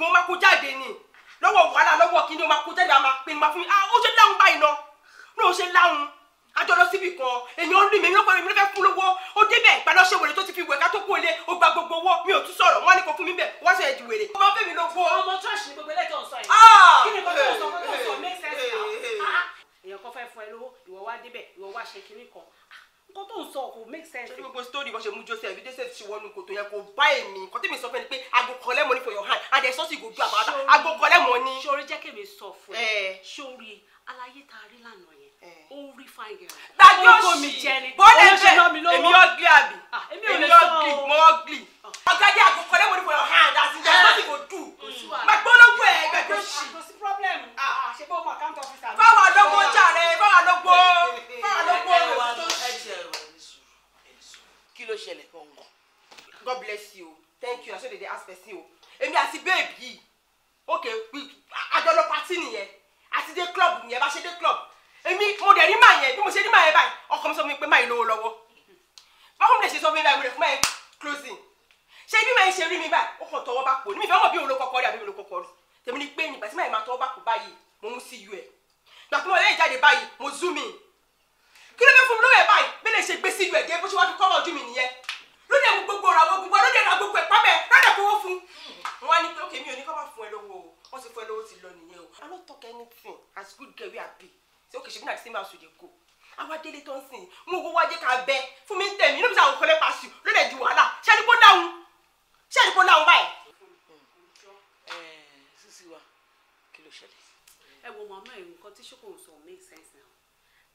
oògùn ó máa jáde ni lọ́wọ́ wàhálà lọ́wọ́ kíní ó máa kó jáde àmà pinnu máa fún mi ah ó ṣe láhùn báyìí náà náà ó ṣe láhùn àjọ lọ síbi kan èèyàn rí mi èmi lọ́pọ̀ mi lọ́fẹ́ fún lówó ó débẹ̀ ìgbàlọ́ ṣe wèrè tó ti fi wẹ̀ ká tó kú ilé ó gba gbogbo owó mi ò tún sọ̀rọ̀ wọ́n ní kò fún mi bẹ̀ wọ́n ṣe ẹ̀dì wèrè. ọmọ bẹ́ẹ̀ mi ló fọ. ọmọ ṣọ́ọ̀ṣì gbogbo ẹlẹ́jọ́ sọ yìí. Ah! kí ni kò tó sọ kó tó sọ ah, èèyàn kan fẹ́ fún ẹ lówó ìwọ wá débẹ̀ ìwọ wá ṣe kinní kan nǹkan tó ń sọ kò make sense. ṣé gbogbo story wọn ṣe mú joseph bí joseph ṣe wọnú kòtò yẹn kò bá èmi nǹkan tèmi sọ fún ẹni pé aago kọlẹ́ mọ́ ní for your hand and then sọ́ọ̀sì gòdú àbáta aago kọlẹ́ mọ́ ní. sori jẹ́ kèmi sọ fún ẹ sori àlàyé tá a rí lánàá Eh. ó ń rí fáyín yẹn. dájú òsì bọ́lẹ̀ bẹ́ẹ̀ èmi ọ̀gbìn àbí ah, èmi ọ̀gbìn mọ́ ọ̀gbìn. ọ̀gá jẹ́ àkókò lẹ́wọ̀n ní bọ̀lọ̀ hàn àti ìjà lọ́sì kò dù. gbàgbọ́ ológun ẹ̀ gbàgbọ́ òsì. kò sí pọ́blẹ́mù ṣe bó mọ̀ account officer. báwa lógo jàre báwa lógo báwa lógo. kí ló ṣẹlẹ̀ gbọ̀ngàn. God bless you thank you asodede ask person o èmi àti babe yìí ok àjọlọ pati nìyẹn àti dé club nìyẹn bá ṣe dé club èmi mo dẹ̀ rí màá yẹn bí mo ṣe rí màá yẹn báyìí ọkọ mi sọ mi pé màá yìí lówó lọ́wọ́ báwo mi lè ṣe sọ mi báyìí mo lè fún màá yẹn closing ṣé bí màá yẹn ṣe rí mi báyìí ó kàn tọwọ́ bá pò ní mi fẹ́ bí òun ló kọ́kọ́ rí àbí mi ló kọ́kọ́ rí tèmi ni pé nígbà tí màá yẹn máa tọwọ́ bá pò báyìí mo mú sí u ẹ̀ gbàtí mo lè jáde báyìí mo zoom in kí ló fẹ́ fún mi lóye báyìí bí lè ṣe gbé sí u ẹ̀ anything as good girl wey i say okay shebi na the same house you dey go àwa délé tó ń sìn mú owó wájé ká bẹ fún mi ń tẹ̀mí inú mi sàwọn kọlẹ́ pàṣẹ lóde di wàhálà ṣáàdì kó dáhùn ṣáàdì kó dáhùn báyìí. ẹ sísí wa kí ló ṣẹlẹ̀. ẹ wo màmá ẹ nǹkan tí ṣókòwò sọ make sense now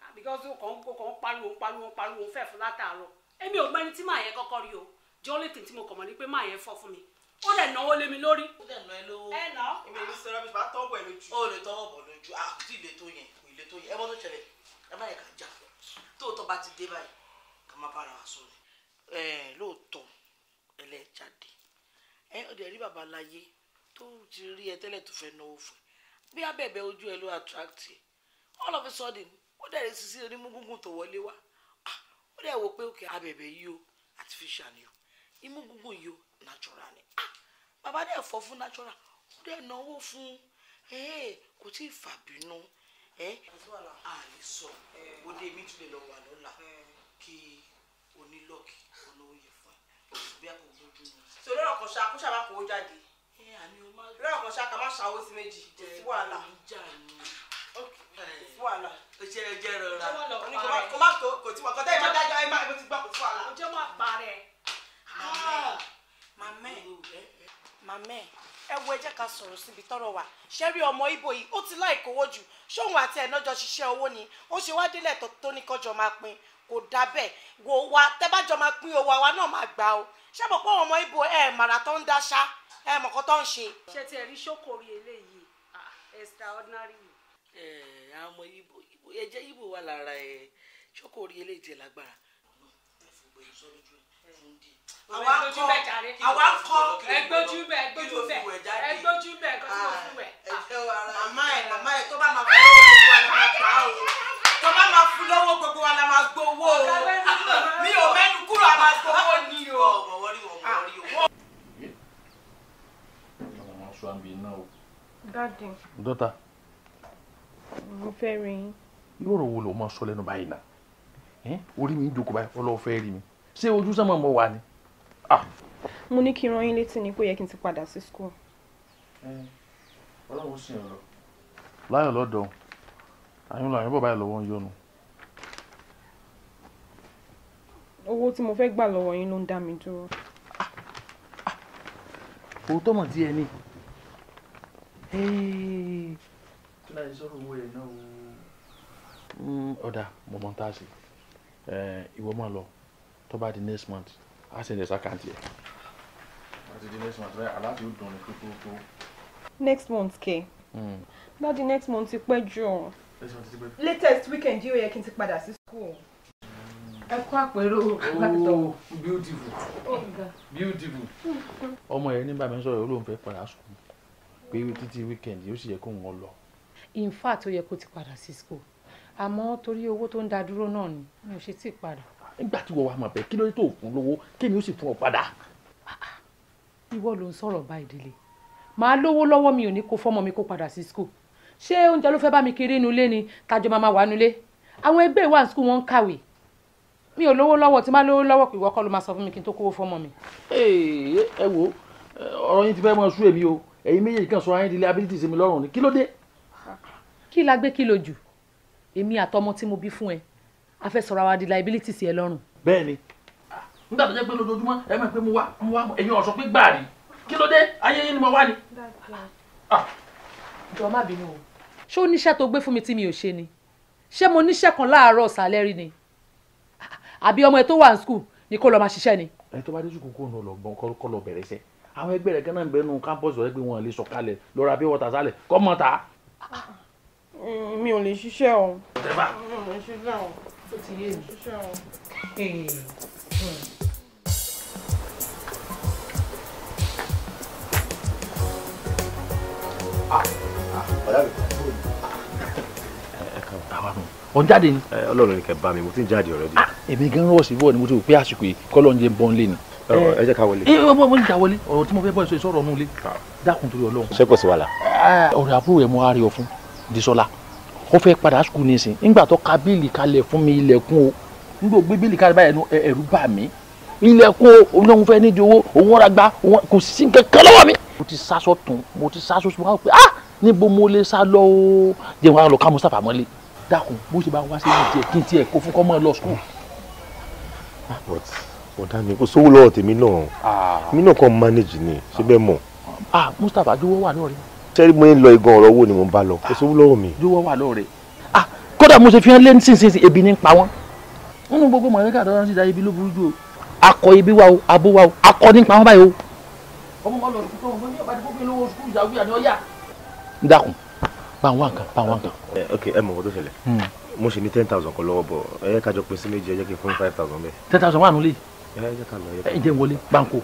ah, because ó kàn ń pariwo pariwo pariwo fẹ́ fún látàárọ̀ èmi ò mọ ẹni tí màá yẹn kọ́kọ́ rí o jọ́ọ́lẹ̀kì tí mo kọ̀ mọ́ ni pé màá yẹn fọ́ fún mi ó dẹ̀ náwó lé mi lórí. ó dẹ̀ ná ẹ lówó ẹ ná. èmi ní sẹ́rọ̀ mi bá tọ́wọ́ bọ̀ lójú. ó lè tọ́wọ́ bọ̀ lójú àti ah, ilé tó yẹn kò ilé tó yẹn ẹ mọ́ tó ṣẹlẹ̀ ẹ má yẹ ká jà tóòtọ́ bá ti dé báyìí ká má bára wa sóni. ẹ lóòótọ́ ẹlẹ́jáde ẹ ó dẹ̀ rí bàbá láyé tó ti rí ẹ tẹ́lẹ̀ tó fẹ́ náwó fún ẹ bí abẹ́bẹ́ ojú ẹ ló attract ẹ all of a sudden ó dẹ̀ rí sisi onímúgúngún tó wọlé wá ah, ó dẹ̀ wò pé òkè abẹ́bẹ́ yìí o artificial ni o imúgúngún yìí natural ni ah bàbá dẹ̀ fọ́ fún natural ó dẹ̀ náwó fún eh, kò tí ì fàbínú àlè eh. sọ òde mi tún lè lọ wà lọ́la kí onílọ́ọ̀kì olóyè fún ẹ bí a kò gbójú mi. sọ̀rọ̀ ọ̀rọ̀ kan ṣá kó ṣàbá kó jáde eh, lọ́rọ̀ kan ṣá ká má ṣàwó sí méjì kò sí wàhálà wàhálà ṣe é jẹ rọra ní o má tó kò tí wà kọtẹ́ ìmọ̀ dájọ́ ẹ̀ má ti gbà kò sí wàhálà. ọjọ́ máa parẹ́ ah. mamẹ́ màmẹ́ ẹ wo ẹ jẹ́ ká sọ̀rọ̀ síbi tọ́rọ̀ wà ṣẹ́rí ọmọ ibo yìí ó ti láì kówó jù ṣóun àti ẹ̀ náà jọ ṣiṣẹ́ owó ni ó ṣe wá délẹ̀ tó ní kọjọ máa pín kò dá bẹ́ẹ̀ wò wá tẹ́bàjọ máa pín owó àwa náà máa gbà o ṣé mo pọ́ ọmọ ibo ẹ̀ màrà tó ń dáṣá ẹ̀ mọ̀kọ́ tó ń ṣe. ṣé ti ẹ̀ rí ṣókòrí eléyìí extraordinary. ẹ àwọn ọmọ ibo ibo ẹ jẹ́ ibo wà lára ẹ ṣókòrí eléyìí ti lágbára. ẹ fò gbé sọ́dọ̀ jù àwa ń kọ àwa ń kọ ẹgbójú bẹ ẹgbójú bẹ ẹgbójú bẹ ẹgbójú bẹ màmá ẹ màmá ẹ tó bá máa fún lọ́wọ́ gbogbo wa la máa gbà á o tó bá máa fún lọ́wọ́ gbogbo wa la máa gbowó o ah, mi ò mẹ́nu kúrò a máa gbowó ni o. dọ́tà. Ah. mo fẹ́ rí yín. lóòrò wo ló máa sọ lẹ́nu báyìí náà orí mi ń jókòó báyìí ọlọ́ọ̀ fẹ́ rí mi ṣé ojú sọ́mọ́ mo wà ni. Ah. mo ní kí n rán yín létí ni pé yẹ kí n ti padà sí school. Eh, ọlọ́run sì ń lọ. láyọ̀ lọ́dọ̀ àyùn làyùn bọ̀ báyìí lọ́wọ́ ń yọnu. owó tí mo fẹ́ gbà lọ́wọ́ yín ló ń dá mi dúró. òótọ́ ah. mọ̀ tí ẹ eh. kí láyé sọ̀rọ̀ owó yẹn náà wò mm, ọ̀dà mo mọ̀ tá a ṣe eh, ìwọ máa lọ tó bá di next month á sì ní sàkáǹtì ẹ̀. láti next month rẹ aláàfin yóò dùn next month kẹ dáàdi hmm. next ti pẹ́ jù latest weekend yóò yẹ kí n ti padà sí school. ẹ kú àpérò látọ̀. Oh, beautiful oh, beautiful. ọmọ yẹn nígbà mi sọ̀rọ̀ olóhùn fẹ́ padà sùn pé títí weekend yóò sì yẹ kó wọn lọ. in fact ó yẹ kó ti padà sí school àmọ́ torí owó tó ń da dúró náà ni mi ṣe tí ì padà nígbà tí wọ́n wà mọ̀ bẹ́ẹ̀ kí ló dé tó fún lówó kí ni ó sì fún ọ padà. ìwọ ló ń sọ̀rọ̀ bá ìdílé màá lówó lọ́wọ́ mi ò ní kó fọ́mọ mi kó padà sí school ṣé oúnjẹ ló fẹ́ bá mi kiri inú ilé ni tájọ máa wà nulẹ̀ àwọn ẹgbẹ́ ìwà ní school wọn ń kàwé mi ò lówó lọ́wọ́ tí má lówó lọ́wọ́ ìwọ kọ́ ló máa sọ fún mi kí n tó kówó fọ́mọ mi. ẹ wo ọ̀rọ̀ yín ti fẹ́ mọ sú èmi o ẹ̀yin méjèèjì kan sọ̀rọ̀ ayé ìdílé ability sí mi lọ́rùn ni kí ló dé. kí la gbé kí lo jù èmi àtọmọ tí mo bí fún ẹ a fẹ́ sọ̀rọ̀ àwa di liability sí ẹ lọ́rùn. bẹ́ẹ̀ni nígbà tó jẹ́ pé lójoojúmọ́ ẹ mọ̀ pé mo wá mo wá ẹ̀yin ọ̀sán pé gbàrí kí ló dé ayé yín ni mo wá ni. Ah. jọ má bínú o. ṣé o níṣẹ́ tó gbé fún mi tí mi ò ṣe ni ṣé mo níṣẹ́ kan láàárọ̀ sálẹ́rì ni àbí ọmọ ẹ tó wà ní skul ni kó lọ máa ṣiṣẹ́ ni. ẹ tó bá dé sùkúrú kó lọ gbọ́n kọ́ lọ bẹ̀rẹ̀ iṣẹ́ àwọn ẹgbẹ́ rẹ̀ gánà ń bẹ nínú kámpọ́ọ̀sì rẹ̀ pé wọ́n lè sọ̀kalẹ̀ lọ ra bí wọ́tà sálẹ̀ kọ́ mọ́ ta. mi ò lè ṣiṣẹ́ o tó ti yé mi. Ah, wọ́n jáde ni. ọlọ́run ni kẹ́ bá mi mo ti ń jáde ọ̀rẹ́ di. Ah, èmi gan rọ̀ sí bọ́ọ̀ ni mo ti rò pé àsìkò yìí kọ́lọ́ ń jẹ bọ́n lé ni. ẹ jẹ́ ká wọlé. ẹ ẹ bọ́ mo ti jà wọlé ọ̀rọ̀ tí mo fẹ́ bọ́ ẹ sọ̀rọ̀ ọ̀nù lé ah. dákun torí ọlọ́run. ṣé kò sí wàhálà. ọ̀rẹ́ àbúrò ẹ̀ mo á rí ọ ó fẹ́ padà sùkúl nísìn nígbà tó ka bíìlì kalẹ̀ fún mi ilẹ̀kùn o nígbà gbé bíìlì kalẹ̀ báyìí ẹ̀rù bà mí ilẹ̀kùn o olóhùn fẹ́ nídìí owó òun ra gba kò sí kankan lọ́wọ́ mi. mo ti sá sọ́tún mo ti sá sọ́tún mo kà pé ah níbo mo lè sá lọ o jẹ́ wàá lọ ká Mustapha mọ́lé dákun bó ṣe bá wá sí ìdíje kí n tiẹ̀ kó fún kọ́mọ lọ sùkúl. Ah, but ọ̀dà mi kò sówó lọ́wọ́ tèmi náà ah. mi náà kàn manage ni ṣé bẹ́ẹ̀ mọ̀. ah Mustapha adúwọ́ wà lọ́rẹ́ tẹ́rí mo ń lọ igan ọ̀rọ̀ owó ni mo ń bá lọ kò sówó lọ́wọ́ mi. yóò wá wà lọ́ọ̀rẹ́ ah kódà mo ṣe fi hàn lé nísinsìnyí ebi ní pa wọ́n. nínú gbogbo mọ̀lẹ́kà tó rán sí ìdáyébí ló burú jù o akọ ibi wa o abo wa o akọ ní pa wọ́n báyìí o. ọmọ kan lọ sí tó wọn ní ọba tí kò fi lówó sukùl ìyàwó ìyàní ọyà. ń dákun bá wọn kan bá wọn kan. ẹ eh, ok ẹ mọ ọdún ṣẹlẹ̀ hmm. mo ṣe ní ten thousand kan lọ́wọ́ bọ̀ ẹ yẹ ká jọ pín sí méjì ẹ jẹ́ kí n fún five thousand bẹ́ẹ̀. ten thousand wà nílé. ẹ jẹ́ ká lọ yẹ. ẹ jẹ́ wọlé báńkò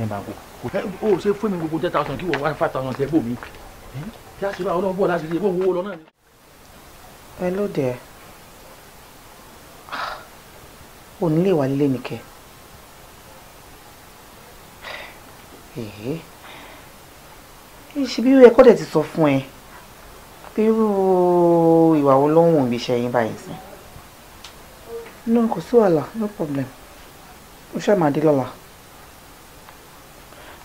ẹ báńkò. o ṣe fún mi gbogbo ten thousand kí wọ́n wá five thousand tẹ́ bò mí hello there ò ní lè wà lílé nìkẹ́ ṣebí ẹ kọ́ dẹ̀ ti sọ fún ẹ irú ìwà wo ló ń wùn bí báyìí sí. no kò sí wàhálà no problem ó ṣàmàdé lọ́la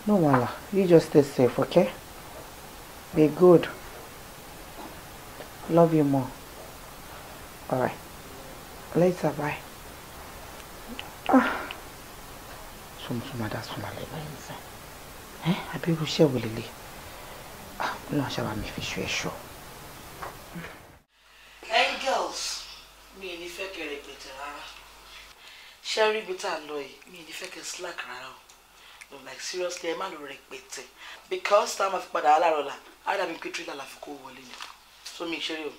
no wàhálà you just stay safe okay. Be good. Love you more. All right. Later, bye. Ah. Sumsuma da suma le báyìí nsà. Ẹ́ abirú iṣẹ́ wo lele? Ah, no ṣe wa mi fi ṣu ẹ̀ṣọ́. Angels mi ò ní fẹ́ kẹrẹ ìpètè rárá. Ṣé rí ibi tá a lọ yìí? Mi ò ní fẹ́ slack rárá o. No, like seriously, ẹ má lọ rẹ̀ pètè. Because táwọn máa fi padà aláàrọ̀ là ara mi pé tírélà la fi kó wọlé ni sómi ìṣeré o.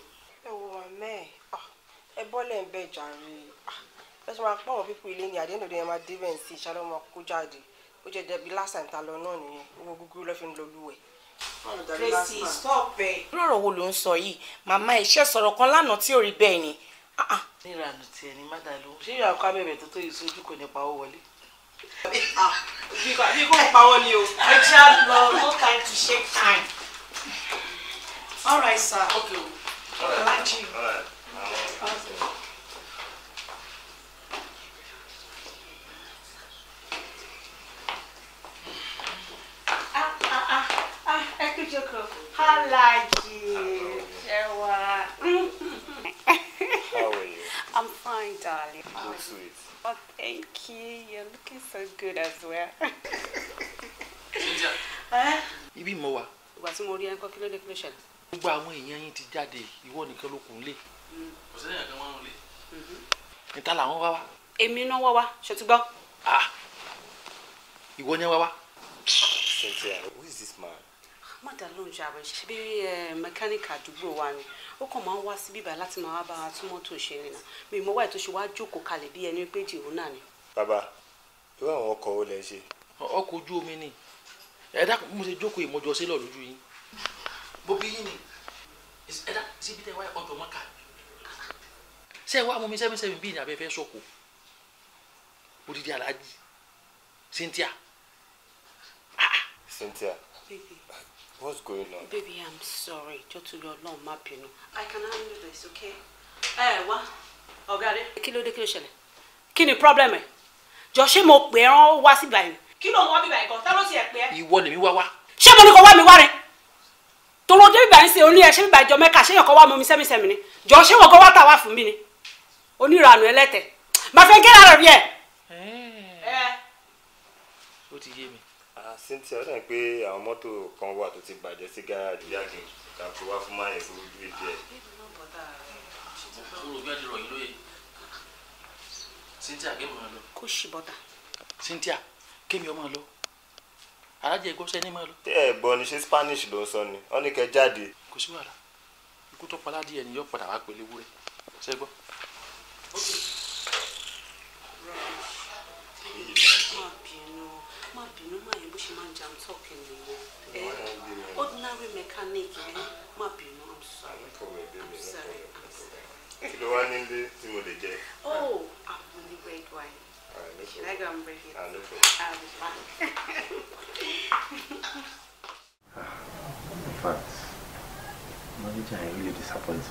ẹ wo àmẹ ah, ẹ bọ́lẹ̀ ń bẹ̀ jàre ah, ẹ sọ ma pọ̀ wọ́n pípọ̀ ilé ni àdéhùn ẹ̀ máa dé bẹ́ẹ̀ sí ìṣàlọ́ ọmọ kó jáde ó jẹ́ dẹbi lásán ta lọ náà nìyẹn owó gúgúrú lọ́ fi ń lọ lúwẹ̀ẹ́ tracy stop ẹ. irú ọ̀rọ̀ wo ló ń sọ yìí màmá iṣẹ́ sọ̀rọ̀ kan lánàá tí ò rí bẹ́ẹ̀ ni. nira ah, àlù tiẹ̀ ni mádà ló ṣé ìyá ọkọ abẹ́bẹ̀ tó tó yìí sójú kò ní pa owó wọlé. bí kò pawọ́ ni o. ẹ jẹ́ àlọ́ no time to shake time. All right, sir. Okay. All right. Like you. All right. Ah, ah, ah, ah, ekijoko. Halaji. Ewa. How are you? I'm fine, darling. You look sweet. Oh, thank you. You're looking so good as well. Ginger. Huh? You be Mowa. ìgbà tí mo rí ẹnkọ́ kí ló dé kí ló ṣẹlẹ̀. gbogbo àwọn èèyàn yín ti jáde ìwọ nìkan ló kù ń lé. kò sí ẹ̀yàn kan wọ́n ń lé. níta mm-hmm. làwọn wá wá. èmi náà wá wá ṣètúgbọ́. Ah! ìwọ ni wá wá. Cynthia, who is this man? má dá lóhùn jàre ṣebí mẹkáníkì àdúgbò wa ni ó kàn máa ń wá síbí báyìí láti máa wá bá wa tún mọ́tò ṣe ni nà mi ì mọ́wá ètò ṣe wá jókòó kalẹ̀ bí ẹni pé dìrò náà ni. bàbá ẹ dákun mo ṣe jókòó ìmọ̀jọ sílọ̀ lójú yín mo bí yín ni ẹ dákun síbi tẹ́ wá ọjọ́ mọ́ ká ṣe wá mú mi sẹ́mísẹ́mí bíi ní abẹ́fẹ́ sọ̀kò odidi aláàjì Cynthia. Ah, ah. Cynthia. Baby. What's going on? Baby, I'm sorry. Jọ̀ọ́ torí Ọlọ́run má bínú. I can handle this, okay? Ẹ wá, ọ̀gá rẹ̀. Kí ló dé kí ló ṣẹlẹ̀? Kí ni problem ẹ̀? Jọ̀ọ́ ṣé mo pè é rán wá síbàá kí ló ń wá bíbá ìkan tá ló ti ẹ̀ pé ẹ́. ìwọ lèmi wá wá. ṣé mo ní kó wá mi wá rẹ tòrò dé bíbá yín ṣe orí ẹ ṣé bíbá ìjọ mẹ́ka ṣé yọkọ wá mọ mi sẹ́mísẹ́mi ni jọ ṣé wọ́n kọ́ wá tà wá fún mi ni onírànù ẹlẹ́tẹ̀ máa fẹ́ gẹ́rẹ́ rẹ̀ rí ẹ̀. ó ti yé mi. Cynthia ó dàn pé àwọn mọ́tò kan wà tó ti bàjẹ́ sí gáràjì yàgì kàkó wá fún máyẹ̀ fún ojú ìdí ẹ̀. Cynthia kí ṣì bọ́tà. Cynthia kémi ọmọ lọ alájà ìgbọ́sẹ̀ ní máa lọ. tẹ ẹ gbọ́ ni ṣé Spanish ló ń sọ ni wọn ní kẹ jáde. kò sí wàhálà ikú tó pa ládìí ẹni yóò padà wá pẹ̀lú ewúrẹ́ ṣe gbọ́. kí ló wá nílé tí mo lè jẹ. oh àpò ní red wine. All right, no problem. I Ah, no problem. I'll be back. In fact, manager really disappoints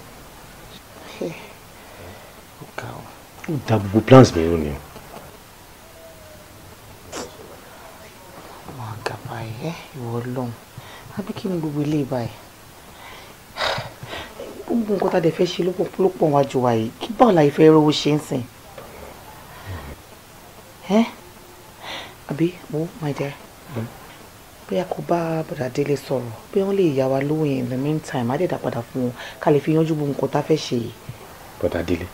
me. Ọ̀gá o, ó da gbogbo plans me rú ni o. Àwọn àga báyìí, ẹ́ ìwọ ọlọ́run, àbí kí ni gbogbo ilé báyìí? Gbogbo nǹkan tá a dẹ̀ fẹ́ ṣe ló pọ̀ wájú wa yìí, kí báwo la ìfẹ́ rówó ṣe ń sìn? ẹ́ àbí wo my dear hmm. bóyá kó bá bàdà délé sọ̀rọ̀ bóyá wọ́n lè yá wa lówó in the meantime á dẹ̀ dá padà fún wọn ká lè fi yanjú gbogbo nǹkan tá a fẹ́ ṣe yìí. bàdà délé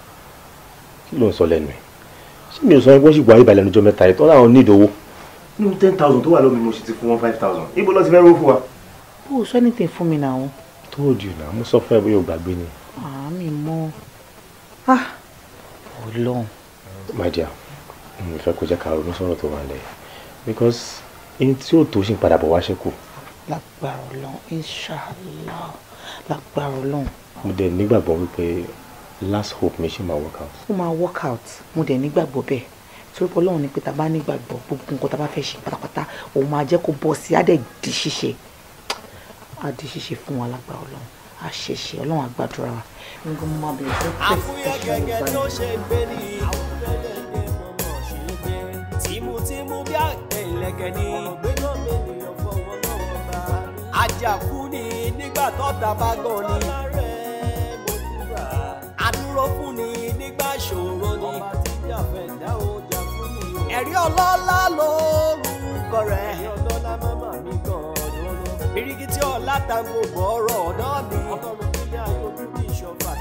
kí ló ń sọ lẹ́nu ẹ̀ ṣé mi ò sọ ẹgbẹ́ ṣùgbọ́n àyíbalẹ̀ ẹnujọ́ mẹ́ta ẹ̀ tọ́lá àwọn need nínú ten thousand tó wà lómi mo sì ti fún wọn five thousand ibo lọ ti fẹ́ rówó fún wa. bó o sọ anything fún mi náà. told you na mo sọ fún ẹ bóyá o gbàgbé ni. àmì ah, mọ́ ah ọlọ́run. my dear mo fẹ́ kó jẹ́ ká ronú sọ̀rọ̀ tó wà lẹ̀ because in tí ò tó ṣì ń padà bọ̀ wá ṣẹ́kù. lágbára Ọlọ́run inṣàlá lágbára Ọlọ́run. mo dẹ̀ nígbàgbọ́ wípé last hope mi ṣì máa work out. ó máa work out mo dẹ̀ nígbàgbọ́ bẹ́ẹ̀ torí pé Ọlọ́run ni pé tá a bá nígbàgbọ́ gbogbo nǹkan tá a bá fẹ́ ṣe pátápátá òun máa jẹ́ kó bọ́ sí i á dẹ̀ di ṣíṣe á di ṣíṣe fún wa lágbára Ọlọ́run á ṣẹ̀ṣẹ̀ Ọlọ́run á gbàdúrà wa. àfúyẹ́ gẹ́gẹ́ tó ṣe gbé ní àwọn fẹ́lẹ́. rẹ̀gẹ̀dì. ọ̀gbẹ́nà mi nìyàn fọwọ́ lọ́wọ́ bá. àjàkú ni nígbà tọ́ta bá gan ni. ọlá rẹ̀ mo dúrà. fún ni nígbà ṣòro ni. ẹ̀rí ọlọ́lá lórúkọ rẹ̀. birigi tí ọ̀la ta gbogbo ọ̀rọ̀ ọ̀dọ́ mi. ọlọ́run kí ni ayé ojú ní ìṣọ̀fà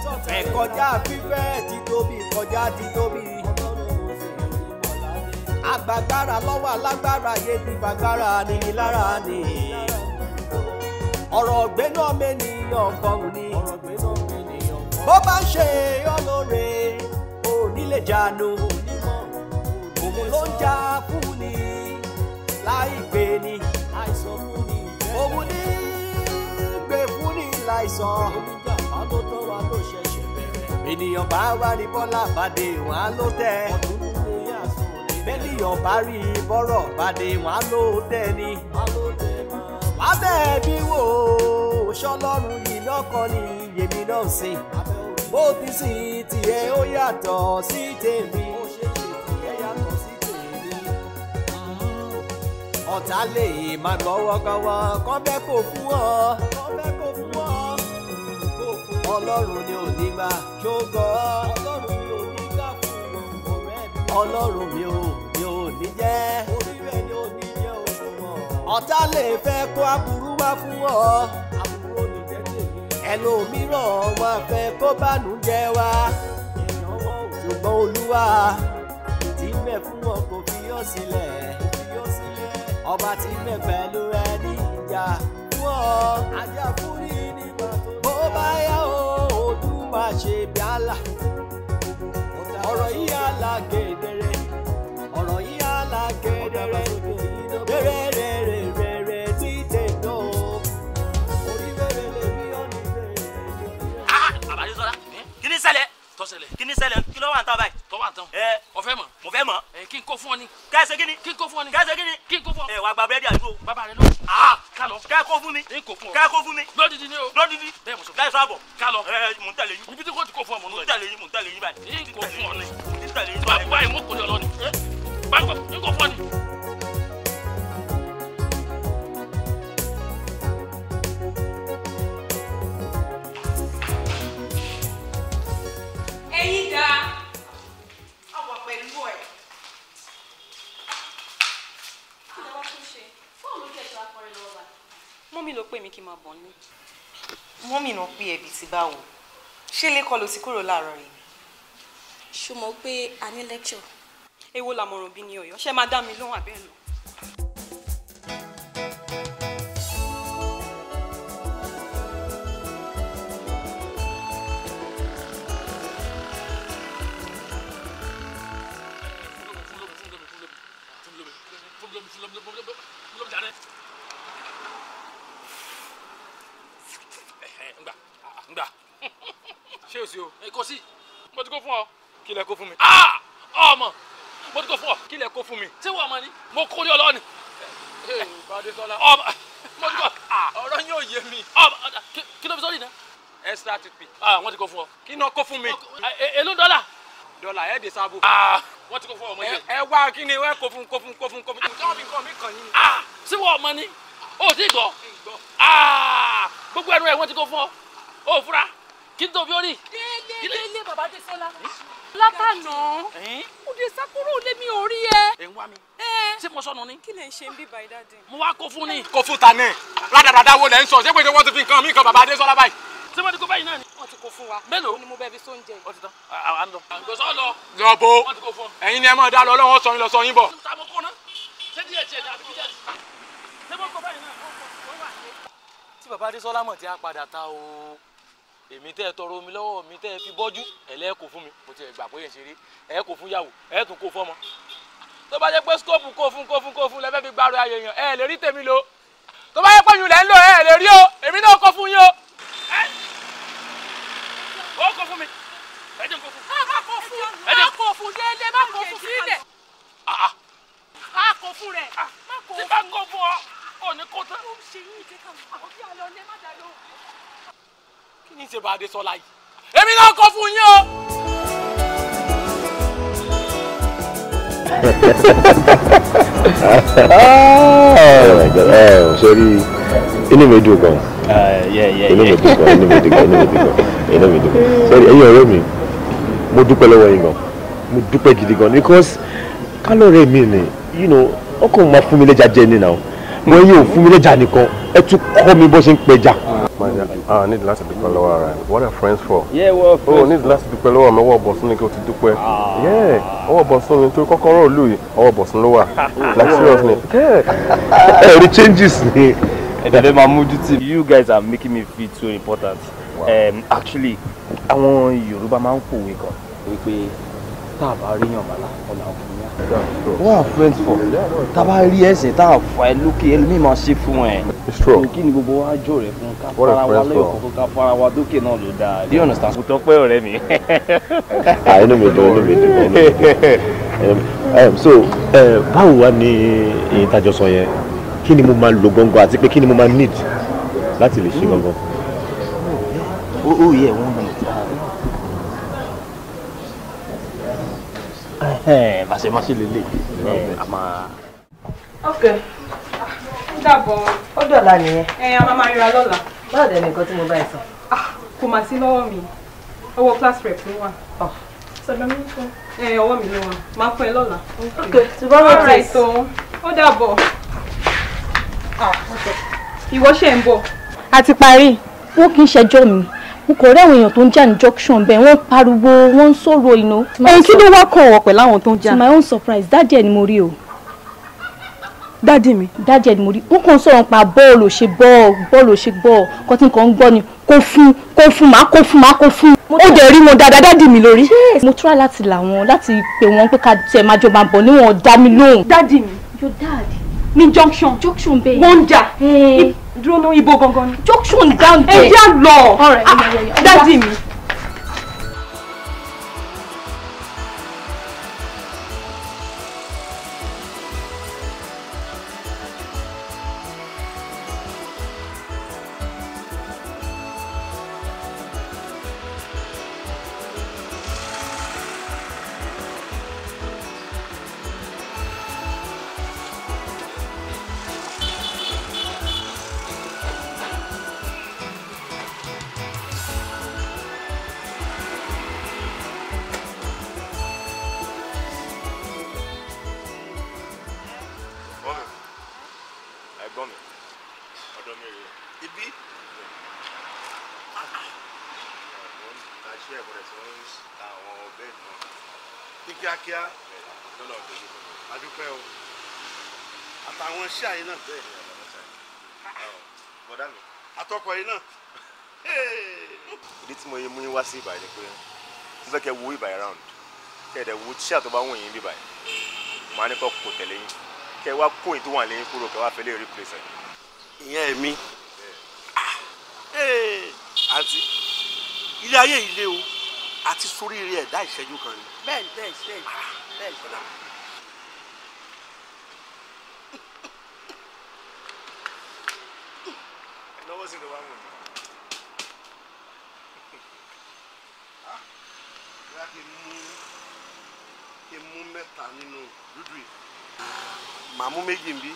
agbágbára lọ́wọ́ alágbára yé ti fagbára ni lára ni ọ̀rọ̀ ọ̀gbẹ́nú ọmọ ènìyàn fọ̀hún ni bó bá ń ṣe ọlọ́re òní lè jánu òun ló ń jà fún ni láì gbé ni òun ní gbé fún ni láìsàn ènìyàn bá wá rí bọ́lá bàdé wọn á bẹ́nìyàn bá rí bọ́rọ̀ bàdé wọn á ló dẹ́ ni wá bẹ́ẹ̀ bí wò ó ṣọlọ́run yìí lọ́kàn ní yèmí náà ṣe bó ti sì tiẹ̀ ó yàtọ̀ sí tèmi ọ̀tá lè má gbọ́wọ́gbọ́wọ́ kọ́ bẹ́ẹ̀ kò fún ọ ọlọ́run ni ò ní gbà ṣó gbọ́ ọlọ́run mi ò mi ò ní jẹ́. orí rẹ̀ ni ò ní jẹ́ òṣùwọ̀n. ọ̀tá lè fẹ́ kó aburú wá fún ọ. aburú ò ní jẹ́ tèmi. ẹlòmíràn wọn fẹ́ kó bànújẹ́ wá. ṣùgbọ́n olúwa tí ń fún ọ kò fi yọ sílẹ̀. ọba tí ń bẹ pẹ̀lú ẹni ìjà fún ọ. ajá fún ní nígbà tó. bó bá yá o ojú máa ṣe bí àlà ọ̀rọ̀ yìí alágẹ̀dẹ̀rẹ̀ ọ̀rọ̀ yìí alágẹ̀dẹ̀rẹ̀ rẹ̀ rẹ̀ rẹ̀ rẹ̀ rẹ̀ tí tẹ̀dọ̀ orí rẹ̀ lè rí ọ̀nì rẹ̀. àbájọ sọlá kí ni ṣẹlẹ̀ tó ṣẹlẹ̀ kí ni ṣẹlẹ̀ kí ló wà ń tán báyìí. tó wà ń tán ọfẹ eh, mọ mo fẹ́ mọ̀. ẹ eh, kí n kó fún ọ ni. kẹ́sẹ̀ kí ni. kí n kó fún ọ ni. kẹ́sẹ̀ kí ni. kí n kó fún ọ. ẹ wàá gba búrẹ́dì àdúgbò. bàbá rẹ ló. aa ah! ká lọ. kẹ́ kó fún mi. n kò fún ọ. kẹ́ kó fún mi. lódìdí ni o. lódìdí. bẹ́ẹ̀ mo sọ. kẹ́ sọ àbọ̀. ká lọ. ẹ eh, mò ń tẹ̀lé yín. ibi tí kò ti kó fún ọ mò ń tẹ̀lé yín. mò ń tẹ̀lé yín báyìí. n kò fún ọ ni. Eh, n kò fún ọ ni. bàbá yìí mo kò mi kí n máa bọ̀ ní. mọ́mì náà pé ẹ̀bì ti bá wò ṣé lẹ́kọ̀ọ́ ló ti kúrò láàárọ̀ rẹ̀ ṣùgbọ́n pé a ní lẹ́kṣọ̀. èwo làmọ̀ràn bí ni ọ̀yọ́ ṣé máa dá mi lóhùn àbẹ́ lọ. mo kórè ọlọ́ni. Ah, ọ̀rọ̀ yóò yé mi. kí ló fi sọ́ọ́lì náà. extra tipi. Ah, wọ́n ti kó fún ọ. kí náà kó fún mi. Eh, eh, èló dọ́là. dọ́là ẹ̀ dè sábò. Ah, wọ́n ti kó fún ọmọ yẹn. ẹ wá kí ni ẹ kó fún kó fún kó fún kó fún. káwọn fi kàn mí kàn yín. sí wọ́n ọmọ ni o ti gbọ́ gbogbo ẹnu ẹ̀ wọ́n ti kó fún ọ o fura kí n tó fi ó rí. délé délé bàbá dé sọ́lá látànà ó dé sákúrò lé mi ò rí ẹ. ẹ̀ ń wá mi ṣé mo sọnù ni. kí lè ṣe bí bàyí dáadé. mo wá kó fún ni. kó fún ta ní rádaràdà wo lẹ ń sọ ṣé pé wọn ti fi nǹkan mí nǹkan bàbá Adésọlá báyìí. ṣé ti kó báyìí náà ni. wọn ti kó fún wa. mélòó ni mo bẹ fi sóúnjẹ. ó tán àwa ń lọ. àgbẹ̀sọ lọ. lọ́bọ̀ ẹ̀yin ni ẹ máa dá lọ ọlọ́wọ́ sọyìn lọ sọyìn bọ̀. tí bàbá Adésọlá mọ̀ tí a padà ta o èmi tẹ́ ẹ tọrọ omi lọ́wọ́ mi tẹ́ ẹ fi bọ́jú ẹ̀lẹ́ kò fún mi mo ti ẹ̀ gbà pé ẹ̀ ṣeré ẹ̀ kò fún yàwó ẹ̀ tún kò fọ́mọ tó bá jẹ́ pé scope kò fún kò fún kò fún lẹ́fẹ́ fi gbàrú ayé yàn ẹ lè rí tèmi lò tó bá jẹ́ pé yùn lẹ́ ń lò ẹ lè rí o èmi náà kó fún yín o. ó kó fún mi ẹ jẹ́ kó ah, fún. má kó fún má kó fún déédéé má kó fún sílẹ̀. Ah, ah. má kó fún rẹ̀ má kó fún. tí bá kó fún ọ ò ní kó tán. kí ni ìṣèbàdé sọ láyìí èmi náà kó fún yín o. sori inú mi dùn gan inú mi dùn gan inú mi dùn gan inú mi dùn gan inú mi dùn gan sori ẹ̀yin ọ̀rẹ́ mi mo dúpẹ́ lọ́wọ́ yín gan mo dúpẹ́ gidi gan because kálọ̀rẹ́ mi ni you know ọkàn máa fún mi lẹ́jà jẹ́ nínú àwọn mo yóò fún mi lẹ́jà nìkan ẹ tún kọ́ mi bó ṣe ń pẹja ah need láti dúpẹ́ lọ́wọ́ ara ẹ̀ what are friends for. yeah well oh, friends oh need láti dúpẹ́ lọ́wọ́ mi ọwọ́ bọ̀sùn ni kí o ti dúpẹ́ ah. yeah ọwọ́ bọ̀sùn ni torí kọ́kọ́rọ́ òlù yìí ọwọ́ bọ̀sùn ló wà like seriously yeah ẹ̀rí changes ni. máa mójú tì. you guys are making me feel so important wow. um, actually àwọn Yorùbá máa ń pòwe kan wípé tá a bá ríyàn màlá ọ̀là wọ́n à friends for tábà rí ẹsẹ̀ tá a fà ẹ́ lókè ẹlòmíì máa ṣe fún ẹ. kí ni gbogbo wa jò rẹ fún ká fara wa lẹ́yọ̀ kọ̀ọ̀kan ká fara wa dókè náà ló dáa do you understand. kò tọ́pẹ́ ọ̀rẹ́ mi. àìní ah, mi dùn inú mi dùn inú mi dùn. Um, um, so uh, báwo wá ní ìyẹn tàjọ sọ yẹn kí ni mo máa lò gbọ̀ngàn àti pé kí ni mo máa need láti lè ṣe gbọ̀ngàn. ó yẹ wọn nù. bàṣẹ má ṣe lélẹ̀ a máa. ok ń dàbọ̀. ó dọ̀la nìyẹn. ẹ a máa máa ríra lọ́la. báwo dẹ̀ ni nǹkan tí mo bá ẹ sọ. Ah, kò mà sí lọ́wọ́ mi ọwọ́ class rep ló wà. Oh. sọ̀dọ̀ mi ń sọ. ẹ ọwọ́ mi ló wà máa fún ẹ lọ́la. ok tomorrow test. Oh. ó dàbọ̀. Ah, ìwọ ṣe ń bọ̀. a ti parí wọn kì í ṣẹjọ́ mi mo kò rí àwọn èèyàn tó ń jà ní junction bẹ́ẹ̀ wọ́n pariwo wọ́n ń sọ̀rọ̀ iná. ẹyin kí ló wá kàn wọ̀ pẹ̀lú àwọn tó ń jà. to my own surprise dáàdì ẹ̀ ni mo rí o. dáàdì mi. dáàdì ẹ̀ ni mo rí wọ́n kàn sọ̀rọ̀ pa bọ́ọ̀lù ṣe bọ́ọ̀lù bọ́ọ̀lù ṣe bọ́ọ̀lù kọ́tí nǹkan ń gbọ́ ni kó fún kó fún màá kó fún màá kó fún ó dẹ̀ rí mo dáadáa dáàdì mi lórí. mo tura láti là wọn láti pè wọn pé ká tẹ your dad ní junction junction bẹ́ẹ̀ wọ́n ń jà dúró náà ibo gangan ni. junction down there. ẹ yá lọ ah, dádì mi. ṣe àyè náà. bẹ́ẹ̀ ni bàbá ṣe àyè bọ̀dá mi. àtọkọ yìí náà. ìdí tí mo yẹ mú yín wá sí ìbàdàn pé mo fẹ́ kẹ́ wo ìbàdàn round kẹ́ ẹ̀dẹ̀ wo tíṣà tó bá wù yín bíbà yìí màá ní kọ́ kò tẹ̀lé yín kẹ́ ẹ wá kóyìn tó wà lẹ́yìn kúrò kẹ́ wá fẹ́ lè rí pèsè. ìyẹn èmi ah. àti ilé ayé ilé o àti sóríire ẹ̀dá ìṣẹ́jú kan ni. bẹ́ẹ̀ ni bẹ́ẹ̀ ni bẹ́ẹ̀ ni. Ah. lọ́wọ́ sí lọ́wọ́ àwọn òní. bóyá kí n mú kí n mú mẹ́ta nínú dúdú yìí. màá mú méjì ń bí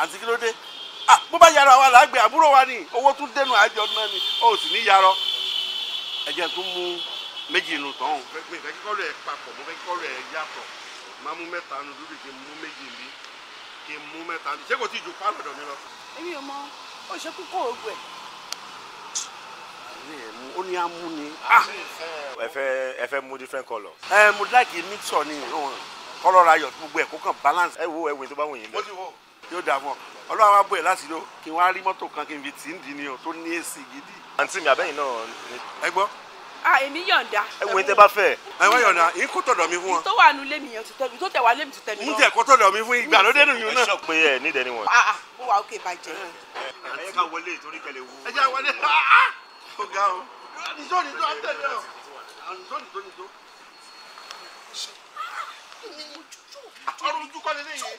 àǹtí kí ló dé bó bá yára wa làágbé àbúrò wa ni owó tún dẹnu àjọ náà ni ó sì ní yarọ ẹ jẹ́ tún mú méjì inú tán. mi fẹ́ kíkọ́ rẹ̀ mo fẹ́ kíkọ́ rẹ̀ yàtọ̀ máa mú mẹ́ta nínú dúdú kí n mú méjì ń bí kí n mú mẹ́ta nínú ṣé kò tí mi lọ. èmi ò mọ ó ṣe kókó ògbẹ. ó ní amú ni. Ah! ẹ fẹ́ ẹ fẹ́ mú different colour. ẹ mo dáàkì mixture ni kọ́lọ́ra ayọ̀ gbogbo ẹ̀ kó kàn balance. ẹ wo ẹwìn tó bá wù yín bẹ́ẹ̀. yóò dà fún ọ ọlọ́run wa bọ̀ ẹ̀ láti ló kí wọ́n á rí mọ́tò kan kí n fi tì í dì ní o tó ní èsì gidi. àǹtí mi àbẹ́yìn náà. ẹ gbọ́ ah èmi yọ̀ǹda. ẹ wo tẹ bá fẹ́ ẹ wá yọ̀ǹda yìí kó tọ̀dọ̀ mi fún wọn. tó wà nù lémi yẹn ti tẹ mi tó tẹ wà lémi ti tẹ mi lọ. n tẹ kó tọ̀dọ̀ mi fún ìgbàlódé nù yún náà. ẹ sọ pé ẹ ní ìdẹni wọn. ah, ah mo wà ókè bàjẹ́. ẹ jẹ́ ká wọlé torí kẹlẹ̀ wú. ẹ jẹ́ wọlé ah, ah, ó ga o. nìjọ́ nìjọ́ ń tẹ̀lé o. nìjọ́ nìjọ́ nìjọ́. ọrùn ojú kọ́ni lẹ́yìn.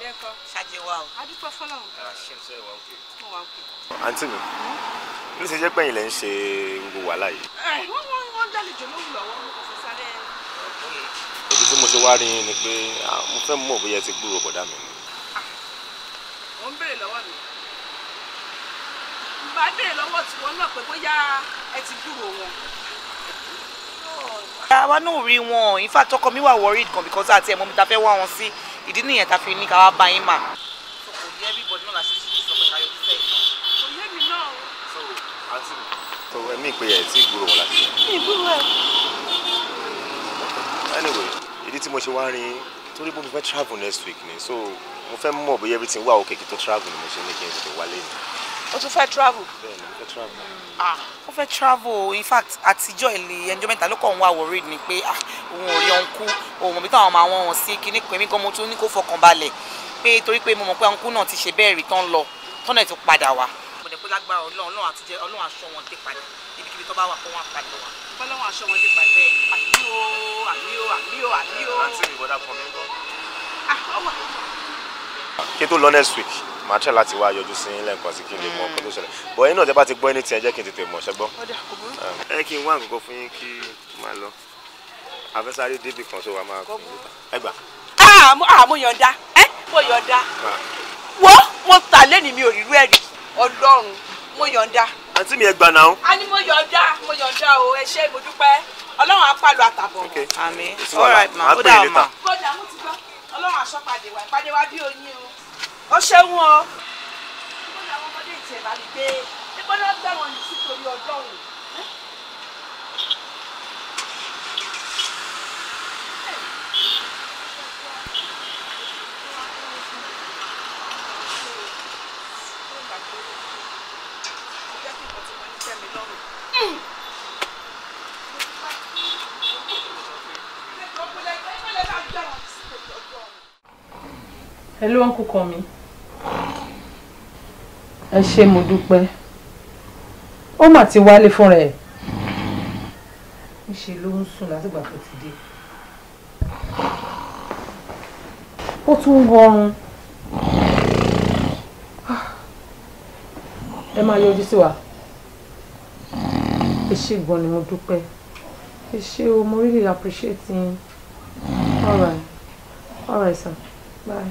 lẹ́kọ̀ọ́ ṣáàjì wa o. adúpẹ́ fọlọ́run. ṣé n sọ ìwà òkè. mo wà òkè. àǹtí mi ní ti jẹ́ pẹ́yìn lẹ́ ń ṣe gbogbo wàhálà yìí. wọ́n wọ́n wọ́n dálejò lóhùn lọ́wọ́ kò fẹ́ sáré. èyí tí mo ṣe wá rí ni pé mo fẹ́ mọ̀ bóyá ti gbúrò bọ̀dá mi ni. mo ń béèrè lọ́wọ́ mi bá béèrè lọ́wọ́ tiwọn náà pé bóyá ẹ ti gbúrò wọn àwa náà rí wọn in fact mi wà worried gan because àti ẹ̀mọ́ mi ta fẹ́ wá wọn sí ìdí nìyẹn tá a fi ní ká wá bá yín mà. so kò yẹ everybody ìdí tí mo ṣe wá rin torí bó mi fẹ́ travel next week ni so mo fẹ́ mọ̀ bóyá everything wà okay kí tó travel ni mo ṣe ní kí n tètè wálé ni o tún fẹ́ travel. o fẹ́ travel. ah o travel in fact àtijọ́ ilé ẹjọ́ mẹ́ta ló kàn ń wá worried ni pé ah òun ò rí ọ̀nkú òun mọ̀ bí táwọn ọmọ àwọn ọ̀hún sí kíní pèmí gan mo tún ní kó fọkàn balẹ̀ pé torí pé mo mọ̀ pé ọ̀nkú náà ti ṣe bẹ́ẹ̀ rí tán lọ tọ́nà ẹ̀ tún padà wá. mo dẹ̀ pé lágbára ọlọ́run ọlọ́run àtijọ́ ọlọ́run aṣọ wọn dé padà ibikíbi tó bá wà kó wọn padà wá. pẹ́ aṣọ wọn dé padà bẹ́ẹ̀ ah ọwọ́. kí n tó lọ next week màá tẹ̀ láti wá yọjú sí lẹ́ǹkan sí kí n lè mọ nǹkan tó ṣẹlẹ̀ bọ̀ ẹ̀yin náà bá ti gbọ́ ẹni tí jẹ́ kí n tètè mọ̀ ṣẹ́gbọ́. Um, ẹ kí n wá nǹkan fún yín kí máa lọ àfẹsáré débì kan tó wà máa kú ẹ gbà. àmọ́ yọ̀ǹda ẹ mo yọ̀ǹda wo mo tà lẹ́nu mi ò rírú ọlọ́run mo yọ̀ǹda. àǹtí mi ẹ gbà náà. a ní mo yọ̀ǹda mo yọ̀ǹda o ẹ ṣé mo dúpẹ́ ọlọ́run á pàlọ́ àtàbọ̀. àmín all right ma ó dà kódà mo ti gbọ́ ọlọ́run àṣọpàdé wa ìpàdé wa bí oyin o ó ṣeun o. níbo ni àwọn ọmọdé ìtì ẹ̀ bá mi e níbo ni wọ́n gbà wọn lù sítorí ọlọ́run. Hello, Uncle Komi ẹ ṣé mo dúpẹ́ ó mà ti wálé fúnra ẹ̀ ńṣe ló ń sùn látìgbà tó ti dé ó tún ń họrun ẹ máa yọjú sí wa ẹ ṣé gan ni mo dúpẹ́ ẹ ṣé o mo really appreciate yín all right all right sir bye.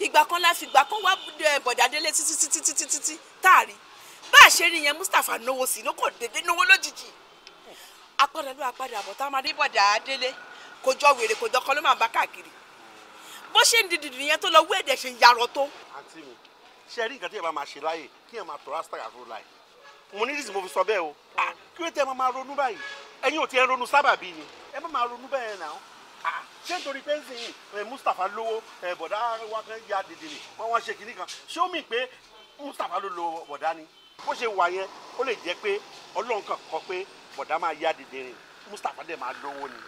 ìgbà kan la fìgbà kan wá eh, bọ̀dà délé títí títí títí títí táàrí bá a ṣe rí yẹn Mustapha náwó sí ló kò dédé náwó lójijì apádà ló apádà bọ̀ tá a máa dé bọ̀dà délé kò jọ wèrè kò dọkọ ló máa bá káàkiri bó ṣe ń dìdì nìyẹn tó lọ wé ẹ̀dẹ̀ ṣe ń yarọ tó. àǹtí mi ṣe rí nǹkan tí ẹ bá máa ṣe láàyè kí ẹ máa tọ́ rásítà àrò láì mo ní ìdí mo fi sọ bẹ́ẹ̀ o kí ló tẹ́ ẹ máa ronú báyìí ẹ̀yin ò tiẹ̀ ronú sábàbí ni ẹ máa ronú bẹ́ẹ̀ náà ṣé nítorí pé ń Mustapha lówó bọ̀dá wa kan ya dìdìrì wọ́n wá ṣe kínní kan ṣé ó mì pé Mustapha ló lo bọ̀dá ni bó ṣe wà yẹn ó lè jẹ́ pé Ọlọ́run kan kọ pé bọ̀dá máa ya dìdìrì Mustapha dẹ̀ máa lówó ni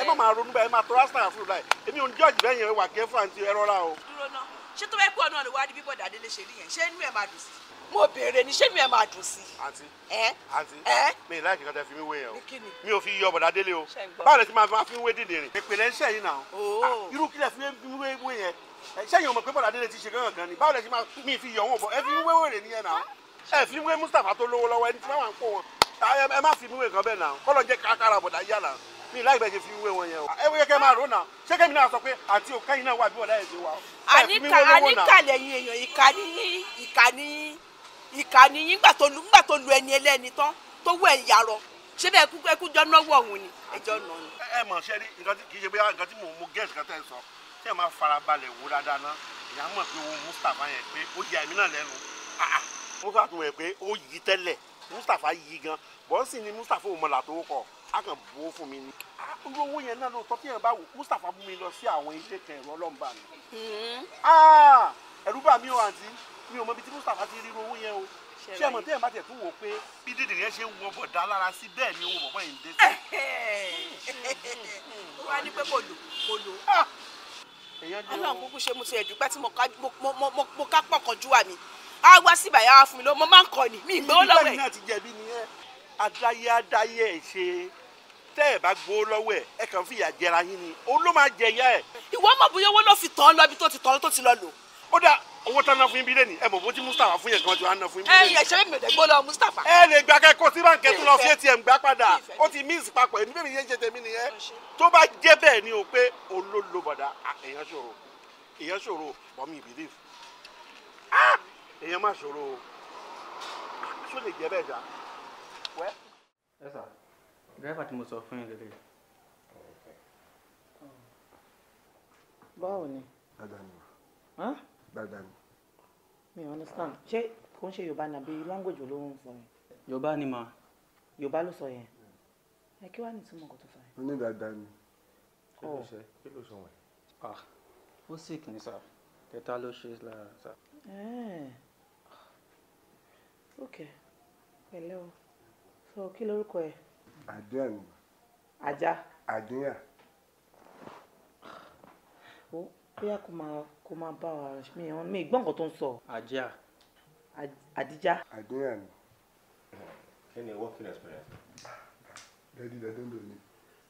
ẹ má máa ronú báyìí máa tọ́ rásítà fún báyìí èmi ò ní jọ́ọ̀jì bẹ́ẹ̀ yẹn wà kẹ́fà àti ẹ̀rọ rà o. dúró ná ṣé tó bá kú ọ̀nà ìwádìí bí bọ̀dá délé ṣe mo béèrè ní sẹ́mi ẹ̀ máa dùn sí. àǹtí àǹtí mi ìlà ìkẹ́kọ̀ọ́ tẹ fi mi wé yẹn o mi ò fi yọ bọ̀dá délé o báwo lè ti máa fi wé dìde rìn. ìpìlẹ̀ ń sẹ́yìn náà ah, irú kílẹ̀ fi wé wé yẹn sẹ́yìn ọmọ pé bọ̀dá délé ti ṣe gángan ni báwo lè ti máa mi fi yọ wọn bọ̀ ẹ fi wé wèrè nìyẹn náà ẹ fi wé Mustapha tó lówó lọ́wọ́ ẹni tí wọ́n kó wọn mi wé nǹkan ṣe fi wé wọn yẹn o. ẹ wíyẹ kẹ́ máa rò náà ṣé kẹ́mi náà sọ pé àti òkẹ́yìn náà wà bí wọ́n láyé ṣe wà. àníkà àníkà lẹ́yìn èèyàn ìkà níyìn ìkà níyìn ìkà ni yín gbà tó lu gbà tó lu ẹni ẹlẹ́ni tán tó wọ ẹ̀yà rọ ṣé bẹ́ẹ̀ kú ẹkú jọ náwó ọ̀hún ni ẹjọ́ nà ni. ẹ mọ̀ ṣe rí nǹkan tí kì í ṣe bóyá nǹkan tí mò ń mú gẹ́ẹ̀sì kan tẹ̀ sọ tí ẹ máa fara balẹ̀ wò dáadáa ná ìyá mọ̀ pé wo Mustapha yẹn pé ó yà èmi náà lẹ́nu mo fà tún wẹ̀ pé ó yí tẹ́lẹ̀ Mustapha yí gan bọ́ńsì ni Mustapha ò mọ̀lá tó kọ̀ á kàn bó fún mi ni irú owó yẹn náà lóòótọ́ tí yẹn bá wò Mustapha mú mi lọ sí àwọn ilé kẹrọ ọlọ́mbà mi hmm. ẹ̀rú bà mí o àǹtí mi ò mọ ibi tí Mustapha ti rí owó yẹn o ṣé ẹ mọ̀ tẹ́yìn bá tẹ̀ tún wò ó pé bí dídì yẹn ṣe ń wọ bọ̀dá lára sí bẹ́ẹ̀ ni owó bọ̀bọ̀ yìí ń dé sí. ó wá ní pé kò lò kò lò. ọlọ́run kúkú ṣe mo ti ẹ̀dùn pẹ́ tí mo ká pọ̀ kọjú wa mi á wá sí wa fún mi lọ mo máa ń kọ ni mi ìgbẹ́ ó lọ́wọ́ ẹ̀. ìgbà náà ti jẹ̀bi nìyẹn adáyé adáyé ẹ̀ ṣe tẹ́ ẹ̀ bá gbó lọ́wọ́ ẹ̀ ẹ̀ kàn fìyà jẹra yín ni ó máa jẹ ìyá ẹ̀. ìwọ mọ̀ bóyá owó ló fi tán lọ ibi tó ti tán tó ti lọ lò. ó dà owó tán ná fún yín bí lẹ́nu ẹ mọ̀ bó ti Mustapha fún yẹn kan tí wọ́n á ná fún yín bí lẹ́nu. ẹ yẹ ṣe mi lọ Mustapha. ẹ lè gba kẹ́kọ̀ọ́ sí báńkì tó lọ fi ATM gbá padà ó ti mí ìsìpapọ̀ ẹ̀mí bẹ́ẹ̀ mi yẹn ṣe tẹ̀mí nìyẹn tó bá jẹ́ bẹ́ẹ̀ ni o pé olólo bọ̀dà èèyàn ṣòro èèyàn ṣòro but me believe ah! èèyàn má ṣòro o ah, ṣó lè jẹ́ bẹ́ẹ̀ dà ẹ sà tí mo sọ fún yín dáadáa ni. mi ò understand ṣé kò ń ṣe yorùbá ni àbí language ló ń sọ yẹn. yorùbá ni mà. yorùbá ló sọ yẹn ẹ kí wàá ní ìtumọ̀ kò tó sọ yẹn. mo ní ni. kí ló oh. ṣe kí ló ṣe wọ̀nyí. ah ó sì kì í sá kẹta ló ṣe lára sá. Eh. ok pẹ̀lẹ́ o sọ kí lórúkọ ẹ. àdéhà ni. ajá. àdéhà. Oh bóyá kò máa kò máa bá wa mi ìhàn mi ìgbọ́n nǹkan tó ń sọ. àjà. àdíjà. àdúrà ni. kí ni working experience. dẹ́dí dẹ́dí ló ní.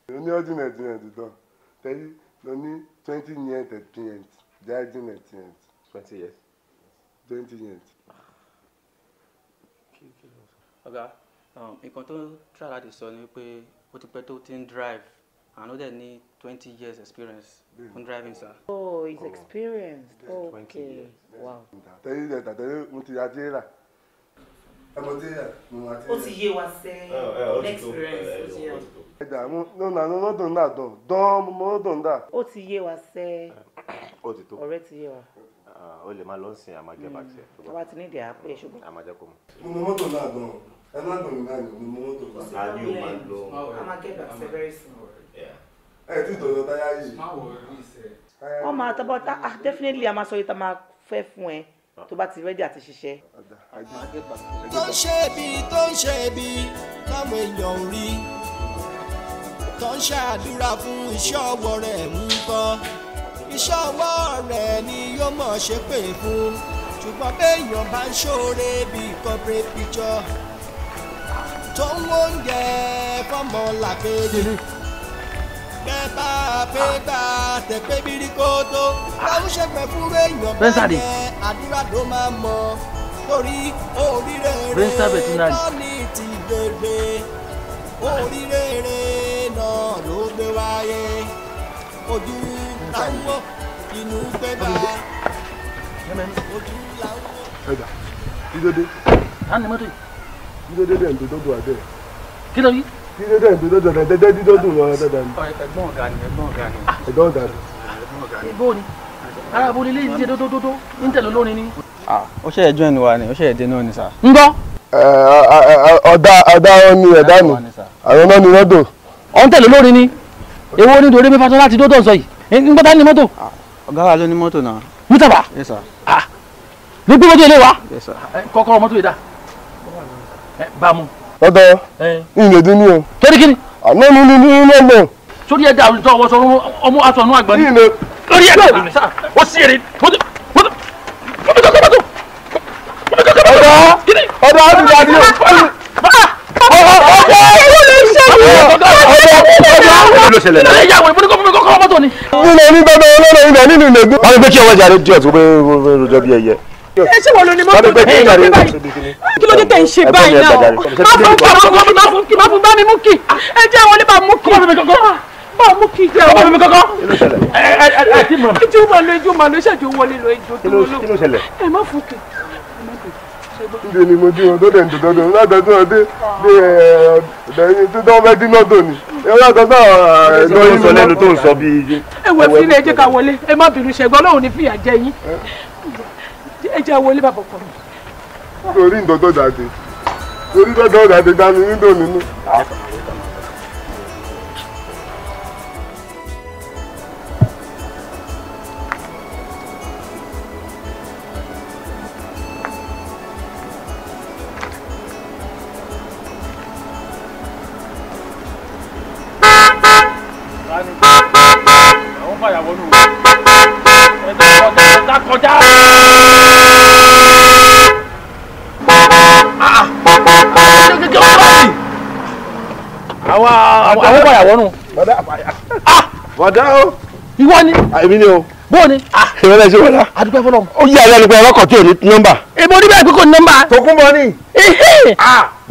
mo ní ọdún ẹ̀dùn ẹ̀dùn tán tẹ́lí mo ní twenty years experience jáàdùn experience. twenty years. twenty years. ọ̀gá um, nǹkan tó ń tíra láti sọ ni pé ó ti pẹ́ tó ti ń drive and ó dẹ̀ ní twenty years experience hmm. on driving sir. oh he's oh. experienced oh, okay wow. Tell you tẹ́lẹ̀ ilẹ̀ tàtẹ́lẹ̀ mo ti ajé rà ẹmọ tí mo ma ti. ó ti yé wa sẹ́yìn oh, experience ó ti yé wa. ẹ̀dá mo nà nà lọ́dọ̀ ńdà dán dán mo lọ́dọ̀ ńdà. ó ti yé wa sẹ́yìn ọ̀rẹ́ ti yé wa o ah, lè máa lọ sin àmàjẹ hmm. bàtẹ. bàbá ti ní ìdí àpò ẹ ṣùgbọ́n. àmàjẹ kò mọ. mo mọ mọ́tò náà gan-an ẹ má gbọ̀ngàn mi mo mọ mọ́tò náà. a ní o máa lọ. àmàjẹ bàtẹ very small ẹ tí tòyọ táyà yìí. wọ́n máa tọ́ bọ́ ah definitely a máa sọ yìí tá a máa fẹ́ fún ẹ tó bá ti rẹ́dí àti ṣiṣẹ́. tó ń ṣe ibi tó ń ṣe ibi táwọn èèyàn ò rí tó ń ṣàdúrà fún iṣẹ́ ọwọ́ rẹ̀ ń kọ́ iṣẹ́ ọwọ́ rẹ̀ ni yóò mọ̀ ṣe pé fún ṣùgbọ́n béèyàn bá ń ṣoore bíi corporate picture pẹ́ bá a pé gbà tẹ̀pẹ́ bírí kótó ní mọ́tò yìí. dídódé dẹ̀ ń dodo àbẹ̀. kí ló yí dídé dẹ̀ dúdú dọ̀ dẹ̀ dẹ́dẹ́ dídó dùn lọ dẹ́dẹ́ ni. ẹ̀gbọ́n ọ̀gá ni ẹ̀gbọ́n ọ̀gá ni. ẹ̀gbọ́n ọ̀gá ni. ẹ̀gbọ́n ni ara àbúrò ilé yìí ṣe dódódódó ń tẹ̀lé lónìí ni. ó ṣe ẹjọ́ ẹnu wa ni ó ṣe ẹ̀dẹ́ náà ni sà. ń gbọ́. ọ̀dà ọ̀dà wọn ni ẹ̀dá ni àwọn náà ni rọ́dọ̀. ọ̀n tẹ̀lé lórí ni èwo ni dorí mẹ́fà tó láti dódò sọ yìí ń gbọ́dá ní mọ́tò. ọ̀gá wa ló ní mọ́tò náà. mútàbà ló gbé mọ́tò ilé wa. kọ́kọ́rọ́ mọ́tò yìí dà bá a mú lọ́dọ̀ ìlè dín ní o. torí kí ni. àná mi ní ní ní ọgbọ̀n. sórí ẹ̀dá àwùjọ ọwọ́ sọ ọmọ aṣọ inú àgbọn. ìlè lórí ẹ̀dá àwùjọ sá wọ́n sí èrè mọ́tò mọ́tò mọ́tò kọ́kọ́ mọ́tò mọ́tò kọ́kọ́ mọ́tò. ọ̀dọ̀ ọ̀dọ̀ àdúgbò àdúgbò. Nínú onígbàgbọ́ olóró ibẹ̀ nínú ìlẹ̀gbẹ́. Wọ́n ti gbé kí ọwọ́ ìjà rẹ̀ díẹ̀ tó gbé rojọ́ bí ẹyẹ ẹ ṣé wọn ló ní mọ́tò tó ń gbé báyìí ah, kí ló dé tẹ̀ ń ṣe báyìí náà má fún kí má fún bá mi mú kí ah. ẹ jẹ́ àwọn oníbà mú kí bá mú kí jẹ́ ọmọ mi kankan ẹ ti mọ̀ ẹjú mà lọ ẹjú mà lọ ṣàjò wọlé lọ ẹjọ tó lọ ẹ má fún kí ndé ni mo di wọn tó dẹ̀ ń dòdò dòdò látọ̀ tó dé dé ọ̀dọ̀ yín tó tọ́ fẹ́ dínà tó ni ẹ látọ̀ tó ẹ̀ẹ́dọ́ yín sọ lẹ́nu tó ń sọ bí. ẹ wọ fi ilé ẹ jẹ́ ká wọlé ẹ má bínú ṣẹgbọn Ọlọ́run ní fìyà jẹ yín ẹ jẹ́ wọlé bàbá ọkọ mi. torí ǹdọ́dọ́ dàdé torí ǹdọ́dọ́ dàdé dání nídò nínú. padà wọ́rùn. bọ̀dá ah! o. ìwọ ni. Ah, èmi ni o. bó ni. ìwọ ah, náà ṣe wọlá. adúgbò ẹ̀fọ́ lọ́mù. ó yí àlẹ́ àlùkò ọlọ́kọ̀ tí ò ní nọ́mbà. èmi oníbẹ̀ ẹ̀kọ́ kò ní nọ́mbà. tòkun bọ ni.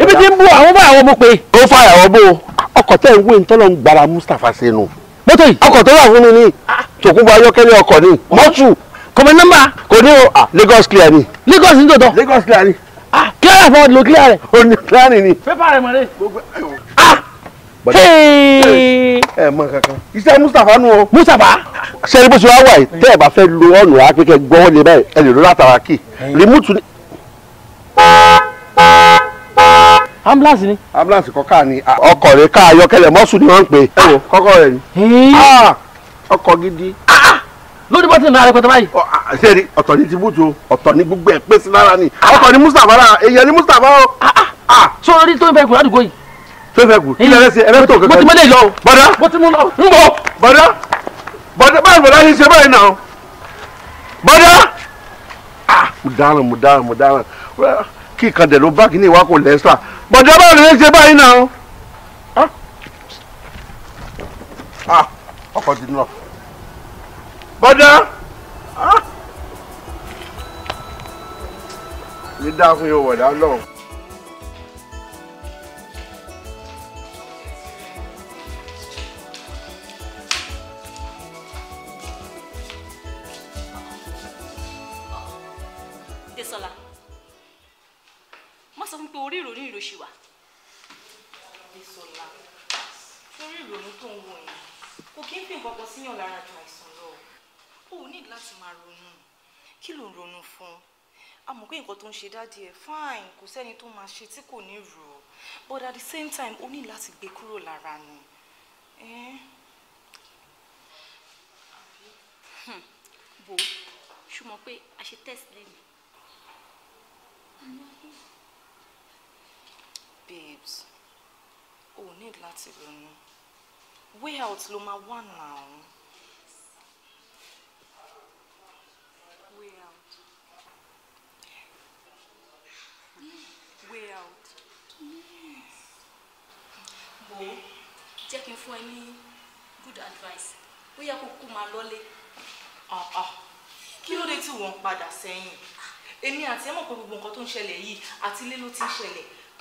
ibi tí ń bú àwọn bá àwọn ọmọ pé. kó fà yàwó bó ọkọ̀ tẹ̀ ń wé ń tọ́lọ́ ń gbára Mustapha sínú. mọ́tò yìí. ọkọ̀ tó wà fún mi ni tòkun bọ ayọ́kẹ́lẹ́ ọkọ̀ ni mọ́tù. kọ̀mọ̀ nọ́mbà. kò ní o Lagos clear ni. Lagos ní tòótọ́. Lagos clear ni. ah clear fún ọ ẹ mọ kankan iṣẹ́ Mustapha nù o. Mustapha. sẹ́ni bó ṣe wá wà yìí tẹ́ ẹ bá fẹ́ lo ọ̀nà akẹ́kẹ́ gbọ́n lè báyìí ẹ lè lo látara kì í rìmúùtù ni. ambulance ni. ambulance kọ́ káà ni ọkọ̀ rẹ̀ káà ayọ́kẹ́lẹ́ mọ́sùn ni wọ́n ń pè é. ẹ wò kọ́kọ́ rẹ̀ ni ọkọ̀ gidi ah, ah, lórí bọ́tì náà rẹpẹtẹ báyìí. sẹ́ẹ̀rì ọ̀tọ̀ ní ti bùtù ọ̀tọ̀ ní gbogbo ẹ̀ pèsè lára ni ah, ọ̀tọ̀ ní Mustapha èèyàn ní Mustapha o. sọ orí tó ń bẹ kùrọ̀ àdúgbò yìí fẹfẹ kù kí lẹrẹ sí ẹrẹ tó kẹkẹ. mo ti mọlẹ lọ o. bọ̀dá mo ti mú lọ. n bọ̀ bọ̀dá bọ̀dá báyìí bọ̀dá yìí ṣe báyìí náà bọ̀dá. mo dáràn mo dáràn mo dáràn kí kan dẹ̀ ló bá kí ní ìwá kò lẹ́sà bọ̀dá báyìí lè ṣe báyìí náà. ọkọ̀ ti nù ọ. bọ̀dá. mi dá fún yóò wọ̀dá lọ́hùn. orí ìrònú ìlò ṣì wà. Bísọ́lá sórí ìrònú tó ń wọ yẹn kò kí ń fi nǹkan kan síyàn lára ju àìsàn lọ. O ò nílò láti máa ronú. Kí ló ń ronú fún? A mọ̀ pé nǹkan tó ń ṣe dádì ẹ̀ fáìn kò sẹ́ni tó máa ṣe tí kò ní rò ó. But at the same time, o ní láti gbé kúrò lára ni. Bo hmm. ṣùgbọ́n pé a ṣe test lẹ́nu babes oh, need láti ronú way out ló máa wà náà. way out way out wo jẹ́ for any good advice bóyá kó kó máa lọ́lé. Ah, ah. kí ló dé tí wọ́n ń padà sẹ́yìn èmi àti ẹ mọ̀ pé gbogbo nǹkan tó ń ṣẹlẹ̀ yìí àti ilé ló ti ń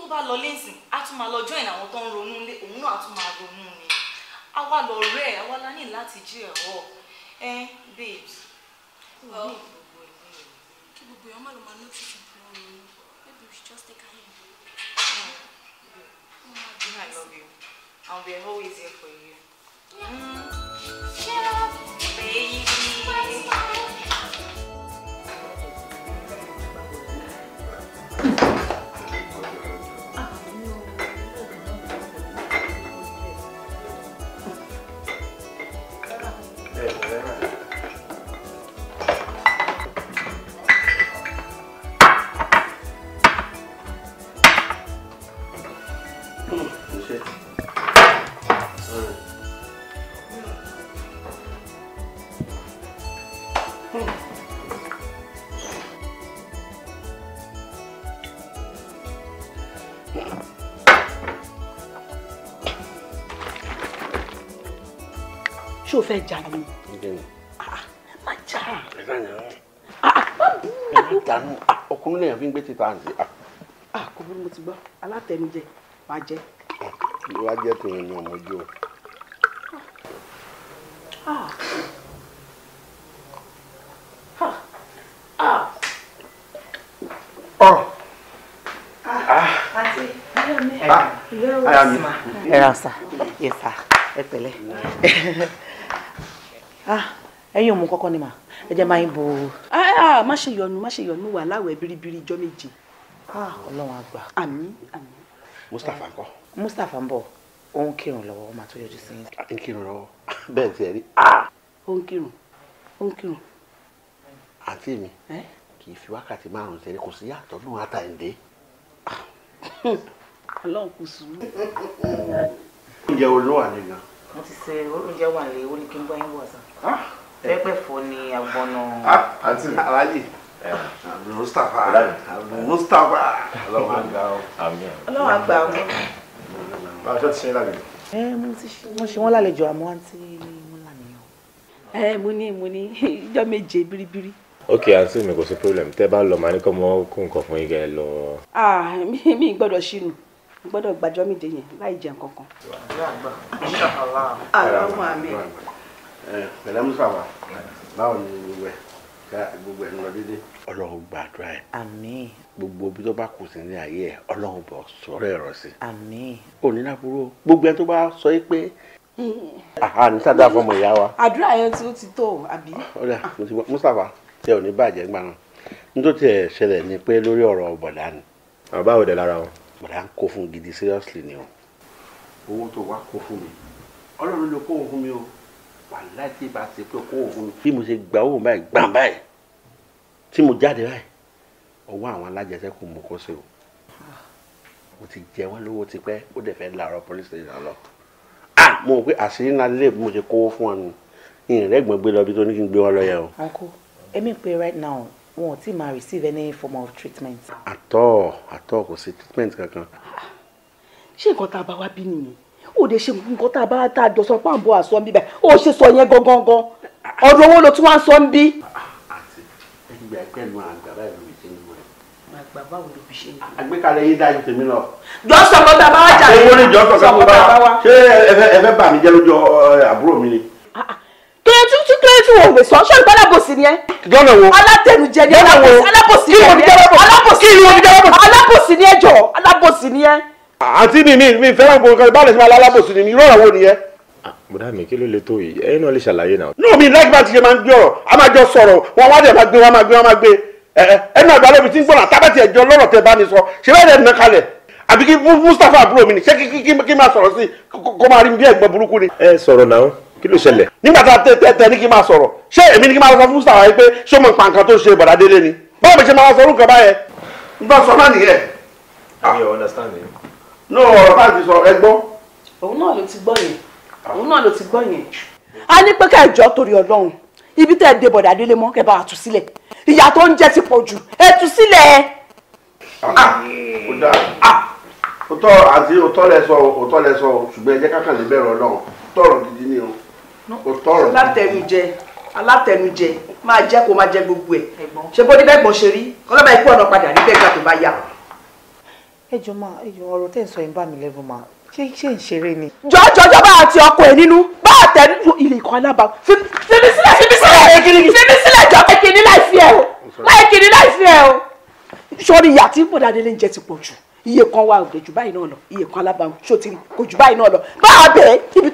tó bá lọ lẹ́sìn á tún máa lọ join àwọn tó ń ronú lé òun náà á tún máa ronú ni àwa lọ rẹ àwa la ní láti jí ẹ̀họ́ ẹ babes. Oh, I love you. I'll be always here for you. Mm. Yeah. ṣó fẹ́ jà ni ah, má jà ah, ah, má bú dànù ọkùnrin lèèyàn fi ń gbé títà àǹtí. kò burú mo ti gbọ́ alátẹnujẹ má jẹ. wá jẹ́ tèmi ni ọmọ ojú o. ẹ ra sa ẹ pẹ̀lẹ́. Ah, ẹ̀yin òmù kọ́kọ́ ni mà ẹ jẹ́ máa ń bo. Ah, ah, má ṣe yọnu má ṣe yọnu wà láwẹ̀ biribiri ijọ́ méje. ọlọ́run àgbà. àmín àmín. Mustapha ńkọ́. Mustapha ń bọ̀ ó ń kírun lọ́wọ́ ó máa tó yọjú sí. ń kírun lọ́wọ́ bẹ́ẹ̀ ti ẹ̀ rí. ó ń kírun ó ń kírun. àǹtí mi kì í fi wákàtí márùn-ún tẹ̀lé kò sí yàtọ̀ nù àtàǹdé. ọlọ́run kò sùn. oúnjẹ olówà nìkan mo ti ṣe oúnjẹ wà lé ó ní kí n gbọ́ yín wọ̀ sàn. Ah, eh. pẹ́pẹ́ fọ ni agbọ́nà. Ah, àǹtí mi aláàjì àbúrò mustapha àbúrò mustapha ọlọ́run àgbà ọ. ọlọ́run àgbà ọ. báwo ṣe ti ṣe lálejò. ẹ eh, mo ṣe wọn lálejò àmọ́ àǹtí mo lànìyàn. ẹ eh, mo ní mo ní ijọ́ méje biribiri ok àǹtí mi kò sí problem tẹ́ bá lọ màá ní kọ́ mọ́ kó nǹkan fún yín gẹ́ lọ. ah mi mi gbọ́dọ̀ ṣínú n gbọ́dọ̀ gbàjọ́ mi dé yẹn láì jẹ nǹkan kan. aláwọ̀ àmì. pẹ̀lẹ́ musa wa báwo ni gbogbo ẹ̀ ká gbogbo ẹ̀ ń lọ dédé. ọlọ́run gbàdúrà ẹ̀. àmín. gbogbo ibi tó bá kù sí ní ayé ẹ̀ ọlọ́run bọ̀ sọ̀rọ̀ ẹ̀rọ sí. àmín. òní láburú gbogbo ẹ̀ tó bá sọ yìí pé àhà ní sádà fọmọ ìyá wa. àdúrà yẹn tí ó ti tó àbí. ọ̀dà mustapha tẹ ò ní bàjẹ́ gbà náà nítorí tiẹ̀ ṣẹlẹ̀ ni pé lórí ọ̀rọ̀ ọ̀bọ̀dá ni. àbá òde lára wọn bàdà ń kó fún gidi seriously ni o owó tó wá kó fún mi ọlọ́run ló kó òun fún mi o wàhálà tí bá ti pé kó òun fún mi. bí mo ṣe gba owó báyìí gbà báyìí tí mo jáde báyìí ọwọ́ àwọn alájẹsẹ́kù mo kó sí o mo ti jẹ wọ́n lówó tipẹ́ ó dẹ̀ fẹ́ làárọ̀ police station lọ ah mo rò pé àṣírí náà lè mo ṣe kówó fún ọ nù ìrìn rẹ́gbọ̀n gbé lọ bí tó ní kí n gbé wọn lọ yẹ o. uncle èmi pé right now wọn ò tí máa receive any form of treatment. àtọ àtọ kò sí treatment kankan. ṣé nǹkan tá a bá wá bí nìyẹn ó lè ṣe nǹkan tá a bá tá a jọ sọ pé à ń bọ àṣọ ń bí báyìí ó ṣe sọ yẹn gangan gan ọdún owó ló tún wá ń sọ ń bí. àti ẹgbẹ́ ẹgbẹ́ nu àgbà báyìí ló fi ṣe ń wọ ẹ̀. àgbà báwo ló fi ṣe ń wọ ẹ̀. àgbékalẹ̀ yín dájú tèmi lọ. jọ́sọ̀ kọ́ta bá wá jà. àti owó ni jọ́sọ̀ kọ́ta bá wá ṣé ẹ fẹ́ bà mí jẹ́ lójú àbúrò mi ni kílẹ̀ tún tún kílẹ̀ tún òwe sọ ṣọ́ọ̀rì pé alábòsí ni ẹ. lọ́nà wo alátẹnujẹ ni alábòsí ni ẹ alábòsí ni ẹ jọ alábòsí ni ẹ. àǹtí mi mi mi fẹ́ràn gbogbo kan báwo ni alábòsí ni irú ọ̀rọ̀ wo nìyẹn. Ah, bùdá mi kí ló lè tó yìí ẹ̀yin náà lè ṣàlàyé náà. nù mí láti bá ti ṣe máa ń gbé ọ̀rọ̀ a máa jọ sọ̀rọ̀ wọn wá dẹ̀ máa gbé wọn máa gbé wọn máa gbé ẹnu àgbà lóbi tí ń gbọ́nà tábàtì ẹ̀jọ́ lọ́rọ̀ tẹ bá mi sọ ṣe bẹ́ẹ̀ dẹ̀ nà kalẹ̀ àbí kí Mustapha àbúrò mi ni ṣé kí máa sọ̀rọ̀ sí kó máa rí bí ẹ̀gbọ́n burúkú ni. ẹ sọ̀rọ̀ náà kí ló ṣẹlẹ̀ nígbà tá a tẹ tẹ tẹ ní kí n máa sọ̀rọ̀ ṣé èmi ní kí n máa sọ fún sàrà yìí pé ṣé mo pa nǹkan tó ṣe bọ̀dá délé ni báwo mi ṣe máa sọ orúkọ báyẹn n bá sọ náà nìyẹn. mi ah. ò understand yẹn. no ọ̀rọ̀ bá ti sọ ẹ gbọ́. òun náà ló ti gbọ́ yẹn òun náà ló ti gbọ́ yẹn. a ní pé ká ẹjọ́ torí ọlọ́run ibi tẹ́ ẹ dé bọ̀dá délé mọ́ kẹ́ bá a tú sílẹ̀ ìyà tó ń jẹ ti pọ̀ jù ẹ tú sílẹ̀. Ah, ah, òtọ́ àti òtọ́ lẹ sọ òtọ́ lẹ sọ ṣùgbọ́n ẹ jẹ́ kákàndínlẹ́bẹ̀rẹ̀ ọlọ́run tọ̀rọ̀ gidi ni o látẹnujẹ alátẹnujẹ máa jẹ kó máa jẹ gbogbo ẹ ṣe bó níbẹ̀ gbọ̀n ṣe rí ọlọ́ba ikú ọ̀nà padà níbẹ̀ gbà tó bá yá. ẹ jọ máa ẹ jọ ọ̀rọ̀ tẹ́ ẹ sọ yẹn bá mi lẹ́rù máa ṣé ṣé ń ṣeré ni. jọjọjọ bá àti ọkọ ẹ nínú bá àtẹ nínú ilé ìkọ alába fi mi sílẹ̀ fi mi sílẹ̀ fi mi sílẹ̀ jọ láì kiri láì fi ẹ o láì kiri láì fi ẹ o sọ ni ìyà tí bọ̀dá délé ń jẹ ti pọ̀ jù iye kan wà òde jù báyìí náà lọ iye kan alábàáhùn ṣó ti kò jù báyìí náà lọ báwa bẹ̀ẹ́ ibi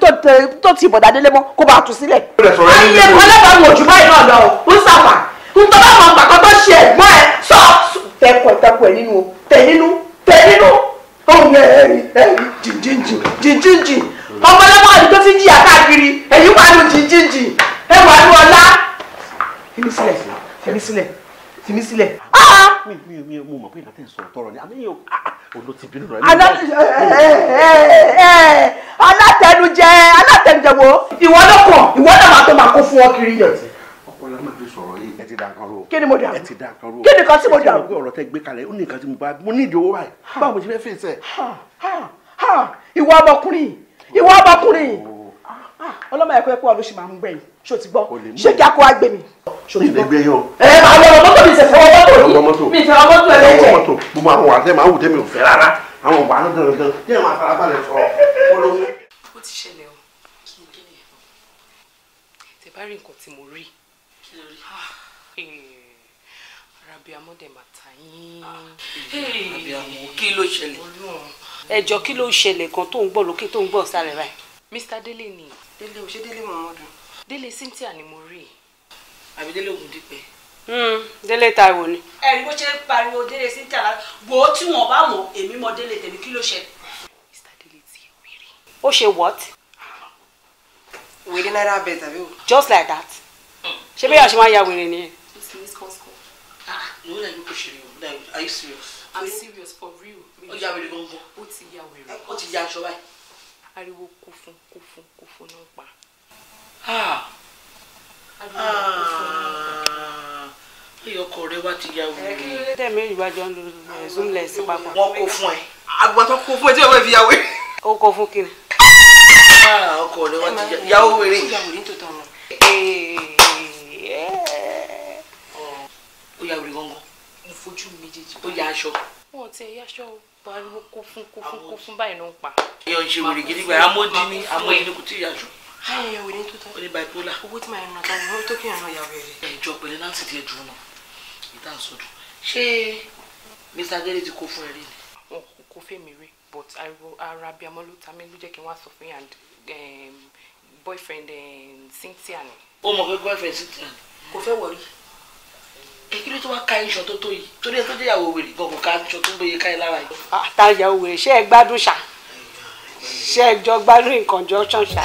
tó ti bọ̀dà délé mọ́ kó bá tú sílẹ̀. iye kan alábàáhùn ò jù báyìí náà lọ ó sàfà tuntun bá mọ àgbàkan tó ṣe ẹ̀gbọ́n ẹ̀ sọ. tẹkọ tẹkọ ẹ nínú tẹ nínú tẹ nínú ohun ẹ ẹrí ẹrí jìnjìnjìn jìnjìnjìn ọmọ ọlọ́mọ ọdún tó ti ń jìyà káàkiri ẹ̀yìn wà lù jìnjìnjìn ẹ wà lù ọlá fi mí sílẹ̀. Ah! mi mi mi mo mọ̀ pé ìgbà tẹ̀ ń sọ̀rọ̀ tọrọ ni àmì yóò ah, ah, olo ti bínú rẹ. Eh, eh, eh, alátẹnujẹ alátẹnujẹ wo. ìwọ ló kàn ìwọ náà máa tó máa kó fún ọ kiri yẹn. ọpọlọ máa fi sọ̀rọ̀ yìí ẹ ti da nǹkan ro. kí ni mo dà rú kí ni kan tí mo dà rú. ọ̀rọ̀ tẹ gbé kalẹ̀ ó ní nǹkan tí mo bá mo ní ìdí owó báyìí báwo mo ti fẹ́ fèsì ẹ̀. ìwọ ọmọkùnrin ìwọ ọmọkùnrin. Oh. Ah, ọlọ́mọ ẹ̀kọ́ ẹ̀kọ́ ọdún ṣì máa ń gbẹ̀yìn ṣó ti gbọ́ ṣé kí a kó wá gbé mi. ṣó ti yín o. ẹ ẹ máa lọ mọ́tò mi ṣe fẹ́ wọ́n mọ́tò yìí mi ṣe wọ́n mọ́tò ẹ̀ lẹ́jẹ̀. gbogbo àwọn wàá máa wù tẹ́mi ò fẹ́ rárá àwọn ọ̀gbà náà dandan kí ẹ máa farabalẹ̀ sọ̀rọ̀ polówó. ó ti ṣẹlẹ̀ o kí ni kí ni ẹ̀fọ́ tẹ bá rí nǹkan tí mo rí abiamọ dẹ ma ta yín. abiamọ ah, eh, kí ló ẹjọ kí ló ṣẹlẹ̀ gan tó ń gbọ́ lókè tó ń gbọ́ sálẹ̀ báyìí. Mr. Dele ni délé o ṣé délé muhammadu. délé cynthia ni mo rí i. àbí délé ògùndípẹ. Hmm, délé taiwo ni. ẹ̀rí bó ṣe ń pariwo délé cynthia la gbò tí wọn bá mọ̀ èmi mọ̀ délé tèmi kí ló ṣe. ó ṣe what. wèrè náírà bẹ́ẹ̀ tàbí o. just like that. ṣé bí àṣẹ máa ya wèrè nìyẹn. ah ìwé náà ló kò ṣe rí o are you serious. i'm serious for real. ó ya wèrè gan-an. ó ti ya wèrè. ó ti ya aṣọ báyìí ariwo kùfùn kùfùn kùfùn náà pa. Ah! Ah! ayọkọ rẹ wá ti ya wúlò. ẹ kí ló dé tẹ̀mí ìwájọ ń lo zoom lens papọ̀. wọn kò fún ẹ agbọ̀tọ̀ kò fún ẹ tí wọn fi yàwé. ó kò fún kí ni. Ah! ọkọ rẹ wá ti yàwó wèrè. ó yà wèrè gangan. mo fojú méjèèjì. ó yà aṣọ. wọn ò tẹ ẹ aṣọ o pariwo kó fún kó fún kó fún báyìí ló ń pa. ẹyọ ń ṣe wèrè gidi gba amódi ní amódi ní kùtì ìyàjú. ayẹyẹ wèrè tó tọ́ ó ní bipolar. owó tí màá yẹn nà ni wọ́n tó kí yẹn náà yà wẹ̀rẹ̀. ẹjọ náà sì ti ẹjọ nù ìta ń sọdún ṣé mr gẹ́lẹ́ ti kó fún ẹ rí ni. wọn kò kó fèmí rí but ara bíi amọ́ ló ta mí ló jẹ́ kí n wá sọ fún yàn um, boyfriend um, Cynthia ni. ó mọ̀ pé boyfriend Cynthia ni. kò fẹ́ wọ̀rí kí ló tó wá ká iṣan tó tó yìí torí ẹ tó jẹyàwó wèrè gbọ̀ngàn ká iṣan tó gbóye ká ẹ lára yìí. àtàyàwó ah, wèrè ṣé ẹ gbádùn ṣá ṣé ẹ jọ gbádùn nǹkan jọ ṣàn ṣá.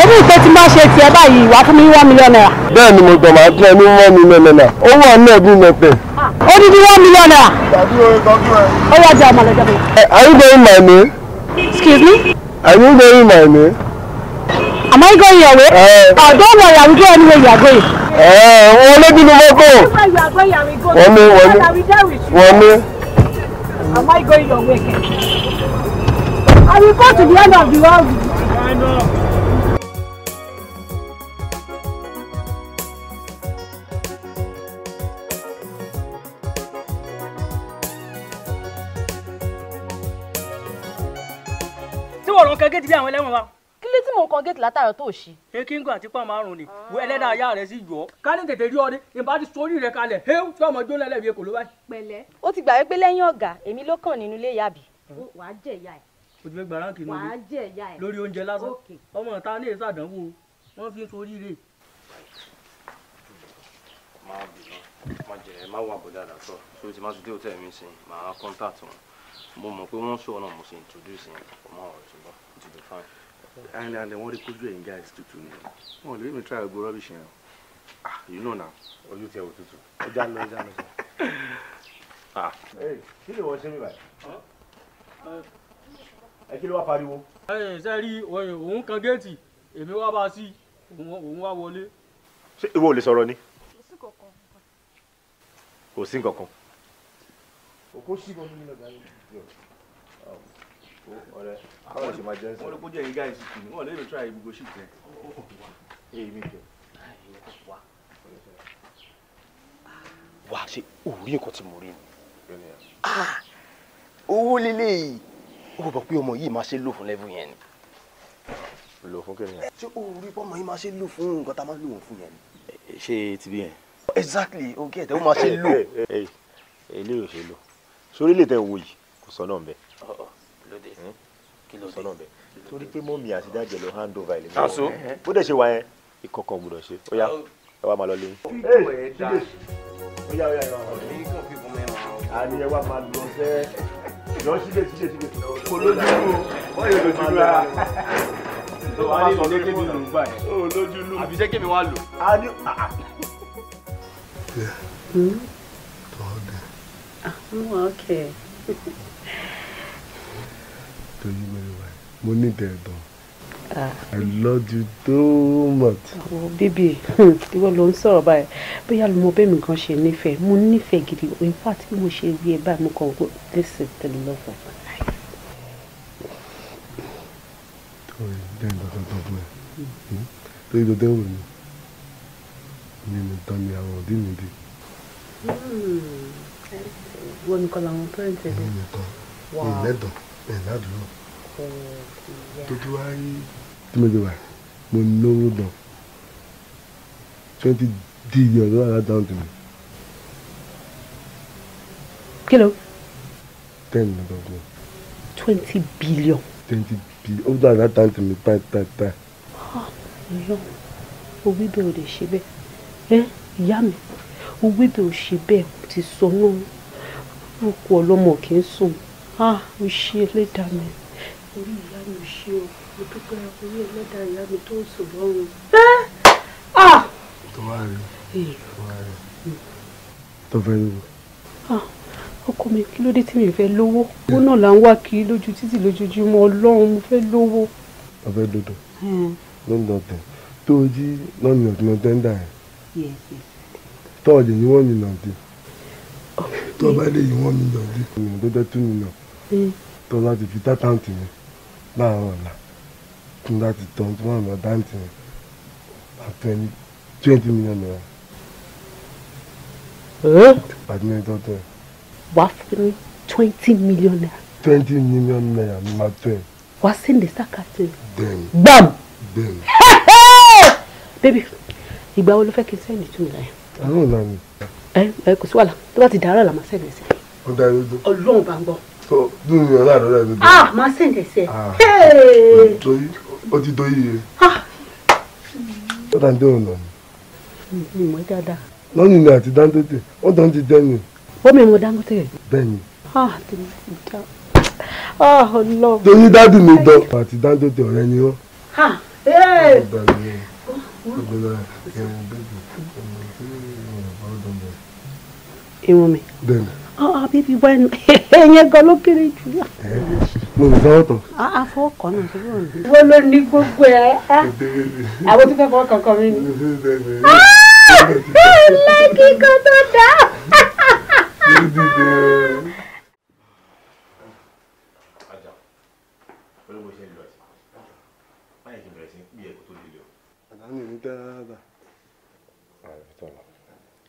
èmi ìpè tí máa ṣe tiẹ̀ báyìí wà fún mi ní one million naira. bẹ́ẹ̀ ni mo gbọ́ máa tún ẹ ní one million naira ó wà náà bí mẹ́tẹ̀. ó ní ní one million naira. ó yà jẹ́ àmàlẹ́ jáde. are you going my way. excuse me. are you going my way. am I going your way. Uh, oh, don't worry I will go anywhere you are going. Eh, wọ́n lé bínú mọ́tò. wọ́n ní wọ́n ní wọ́n ní. am I going your way. I will go to the end of the world. ọ̀rọ̀ kan géètì bí àwọn ẹlẹ́wọ̀n wa. kí ló tí mò ń kan géètì látàrọ tó ṣí. ekingo àti pọ́n márùn-ún ni wo ẹlẹ́dàá ayá rẹ̀ sì yọ. ká ní tètè rí ọdẹ ìbá ti sórí rẹ̀ kalẹ̀ heu tí ọmọ jóná lẹ́bi ekò ló báyìí. pẹ̀lẹ́ ó ti gbà wípé lẹ́yìn ọ̀gá èmi ló kàn nínú ilé yàbí. wàá jẹ ìyá ẹ. o ti fẹ́ gbàrà kì í nù lórí oúnjẹ lásán ọmọ ìta ní èsà àdánwò wọ́n fi sórí rẹ̀ mo mọ̀ pé wọ́n sọ̀rọ̀ mo sì introduce yẹn kò mọ ọ̀rọ̀ ṣùgbọ́n it will be fine. and and wọ́n rí kójú ẹ̀yìn guys tuntun ni wọ́n lè mi try gbó rubbish yẹn ah you know na. ojú tiẹ̀ wò tutù ó lọ ó lọ ah. kí lè wọ́n ṣe mí báyìí ẹ kí ló wá pariwo. ẹ ṣe rí òun kan géètì èmi wá bá a sí òun wá wọlé. ṣé ìwọ ò lè sọ̀rọ̀ ni. kò sí nǹkan kan. kò sí nǹkan kan. òkú sí kan nínú ọ̀gá yìí ọ̀rẹ́ báwo ṣe máa jẹ́ ń sọ. wọ́n ló kó jẹ́ yín gáàsì kìíní wọ́n lè mi try gbogbo sí tẹ. èyí mi jẹ. wà á ṣe òórí nǹkan tí mo rí ni. Ah, owó lélẹ̀ yìí ó bọ̀ pé ọmọ yìí máa ṣe lò fún level yẹn ni. lò fún kí ṣé òórí pọ́nmọ yìí máa ṣe lò fún nǹkan tá a máa lò fún yẹn ni. Eh, ṣé ti yẹn. exactly o kí ẹ̀ tẹ́ ó máa ṣe lò. Eh, eh, eléyìí ò ṣe lò sórí lè tẹ wo yìí kò sọ́nà mbẹ́. lóde kí ló dé hmm? sọ́nà mbẹ́ torí pé mọ́mí àti dájẹ́ ló hand over ilé mi. àṣọ bó dẹ̀ ṣe wá yẹn ìkọ̀kọ̀ gbọ́dọ̀ ṣe ó yá ẹ wá máa lọ léyìn. ó yá ó yá ìwà wọn. àní ẹ wá máa lọ sẹ́ yọ sílé sílé sílé kò lójú lù ó wọ́n yóò lójú lù rárá tó wàá ní ìlú kémi lù ń gbà yẹn. ó lójú lù àbí jẹ́ kémi wá lò. a ní. Hmm? tọ́ ọ̀dẹ̀. àwọn ọ̀kẹ́ to you very well mo ní ìdẹ̀ẹ̀dàn i love you so much. àwọn bíbí ìwọ ló ń sọ̀rọ̀ báyìí bóyá ló mọ bẹ́ẹ̀ mi kan ṣe nífẹ̀ẹ́ mo nífẹ̀ẹ́ gidi in fact bí mo ṣe rí ẹ báyìí mo kàn gbọ́ this is the love of my life. torí dẹ́n dọ́dọ́ tó fún ẹ torí dọ́dọ́ wò ni mi ni tán ni àwọn òbí mi di. wọ́n ní kọ́ làwọn pẹ́rẹ́ǹtì ẹ̀ dẹ́. wọ́n ní kọ́ ìlẹ́dọ̀ọ́ ẹ̀ ládùúgbò tó tó wá rí tí mo ti wà mo lówó dán twenty billion ló wà ládàáhùn tèmi. kí ló. ten ló bá gbọ́. twenty billion. twenty billion ó dà ládàáhùn tèmi táì táì táì. ọ̀yọ́ òwe bẹ́ẹ̀ ò lè ṣe bẹ́ẹ̀ ẹ ìyá mi òwe bẹ́ẹ̀ ò ṣe bẹ́ẹ̀ ti sọ náà rúkú ọlọ́mọ kì í sùn ah o ṣe ẹlẹ́dàá mi orí ìyá mi ò ṣe o mo dúpẹ́ orí ẹlẹ́dàá ìyá mi tó ń sùn lọ́rùn. Eh! Ah! tó wá rí tó wá rí tó fẹ́ lówó. Ah! ọkọ mi kí ló dé tí mi fẹ́ lówó owó náà là ń wá kiri lójú títì lójoojúmọ́ ọlọ́run mo fẹ́ lówó. mo fẹ́ dodo hmm. ló ń lọ tẹ̀ tó o jí lọ́nà ọ̀tún ọ̀tún ẹ̀ ń dà ẹ̀ tó o lè yín wọ́n mi nà ọ̀tún tó bá lè yín wọ́n mi nà tó bá ti fi tátáǹtì mi láàárọ̀ ọ̀la tí ti tọ́ tí wọ́n máa dáǹtì mi àtọ́ ẹni twenty million naira. pàdé mi tọ́ tọ́ wàá fún mi twenty million naira. twenty million naira ni màá tọ́ ẹ. wàá sí ní sàkàtì. bẹ́ẹ̀ni gbàm. bẹ́ẹ̀ni. bébì ìgbà wo ló fẹ́ kí n sẹ́yìn tún mi láyà. àárọ̀ ọ̀la ni. ẹ ẹ kò sí wàhálà tó bá ti dàárọ̀ làmásẹ́yìn sí. ó dá ẹ lójú. ọlọ́run bá ń gbọ́ so dùn yàn láàárọ̀ rẹ̀ mi. ah máa sẹ̀ǹdẹ̀ sẹ̀. torí ah. ó ti dorí rẹ̀. sọ́tà ah. ń dẹ̀rùn lọ́nà. ìmọ̀ dáadáa. lọ́nà ni àti dangote wọ́n tán ti dẹ́yìn. wọ́n mi mọ dangote. bẹ́ẹ̀ni. ah tèmi ti dá ah ọlọ́run. torí dádì mi dán àti dangote ọ̀rẹ́ ni wọ́n. ah ee. irun mi. bẹ́ẹ̀ni ah bíbí bọ́ ẹnu ẹ̀yẹn gan ló kéré jù. mo mi lọ́wọ́ tán. afọwọ́ ah, ah, kan náà tó wọ̀ ní. wọ́n ló ní gbogbo ẹ̀ ah, àwọn tó fẹ́ fọwọ́ kankan mi ni. lẹ́kì kan tó dá.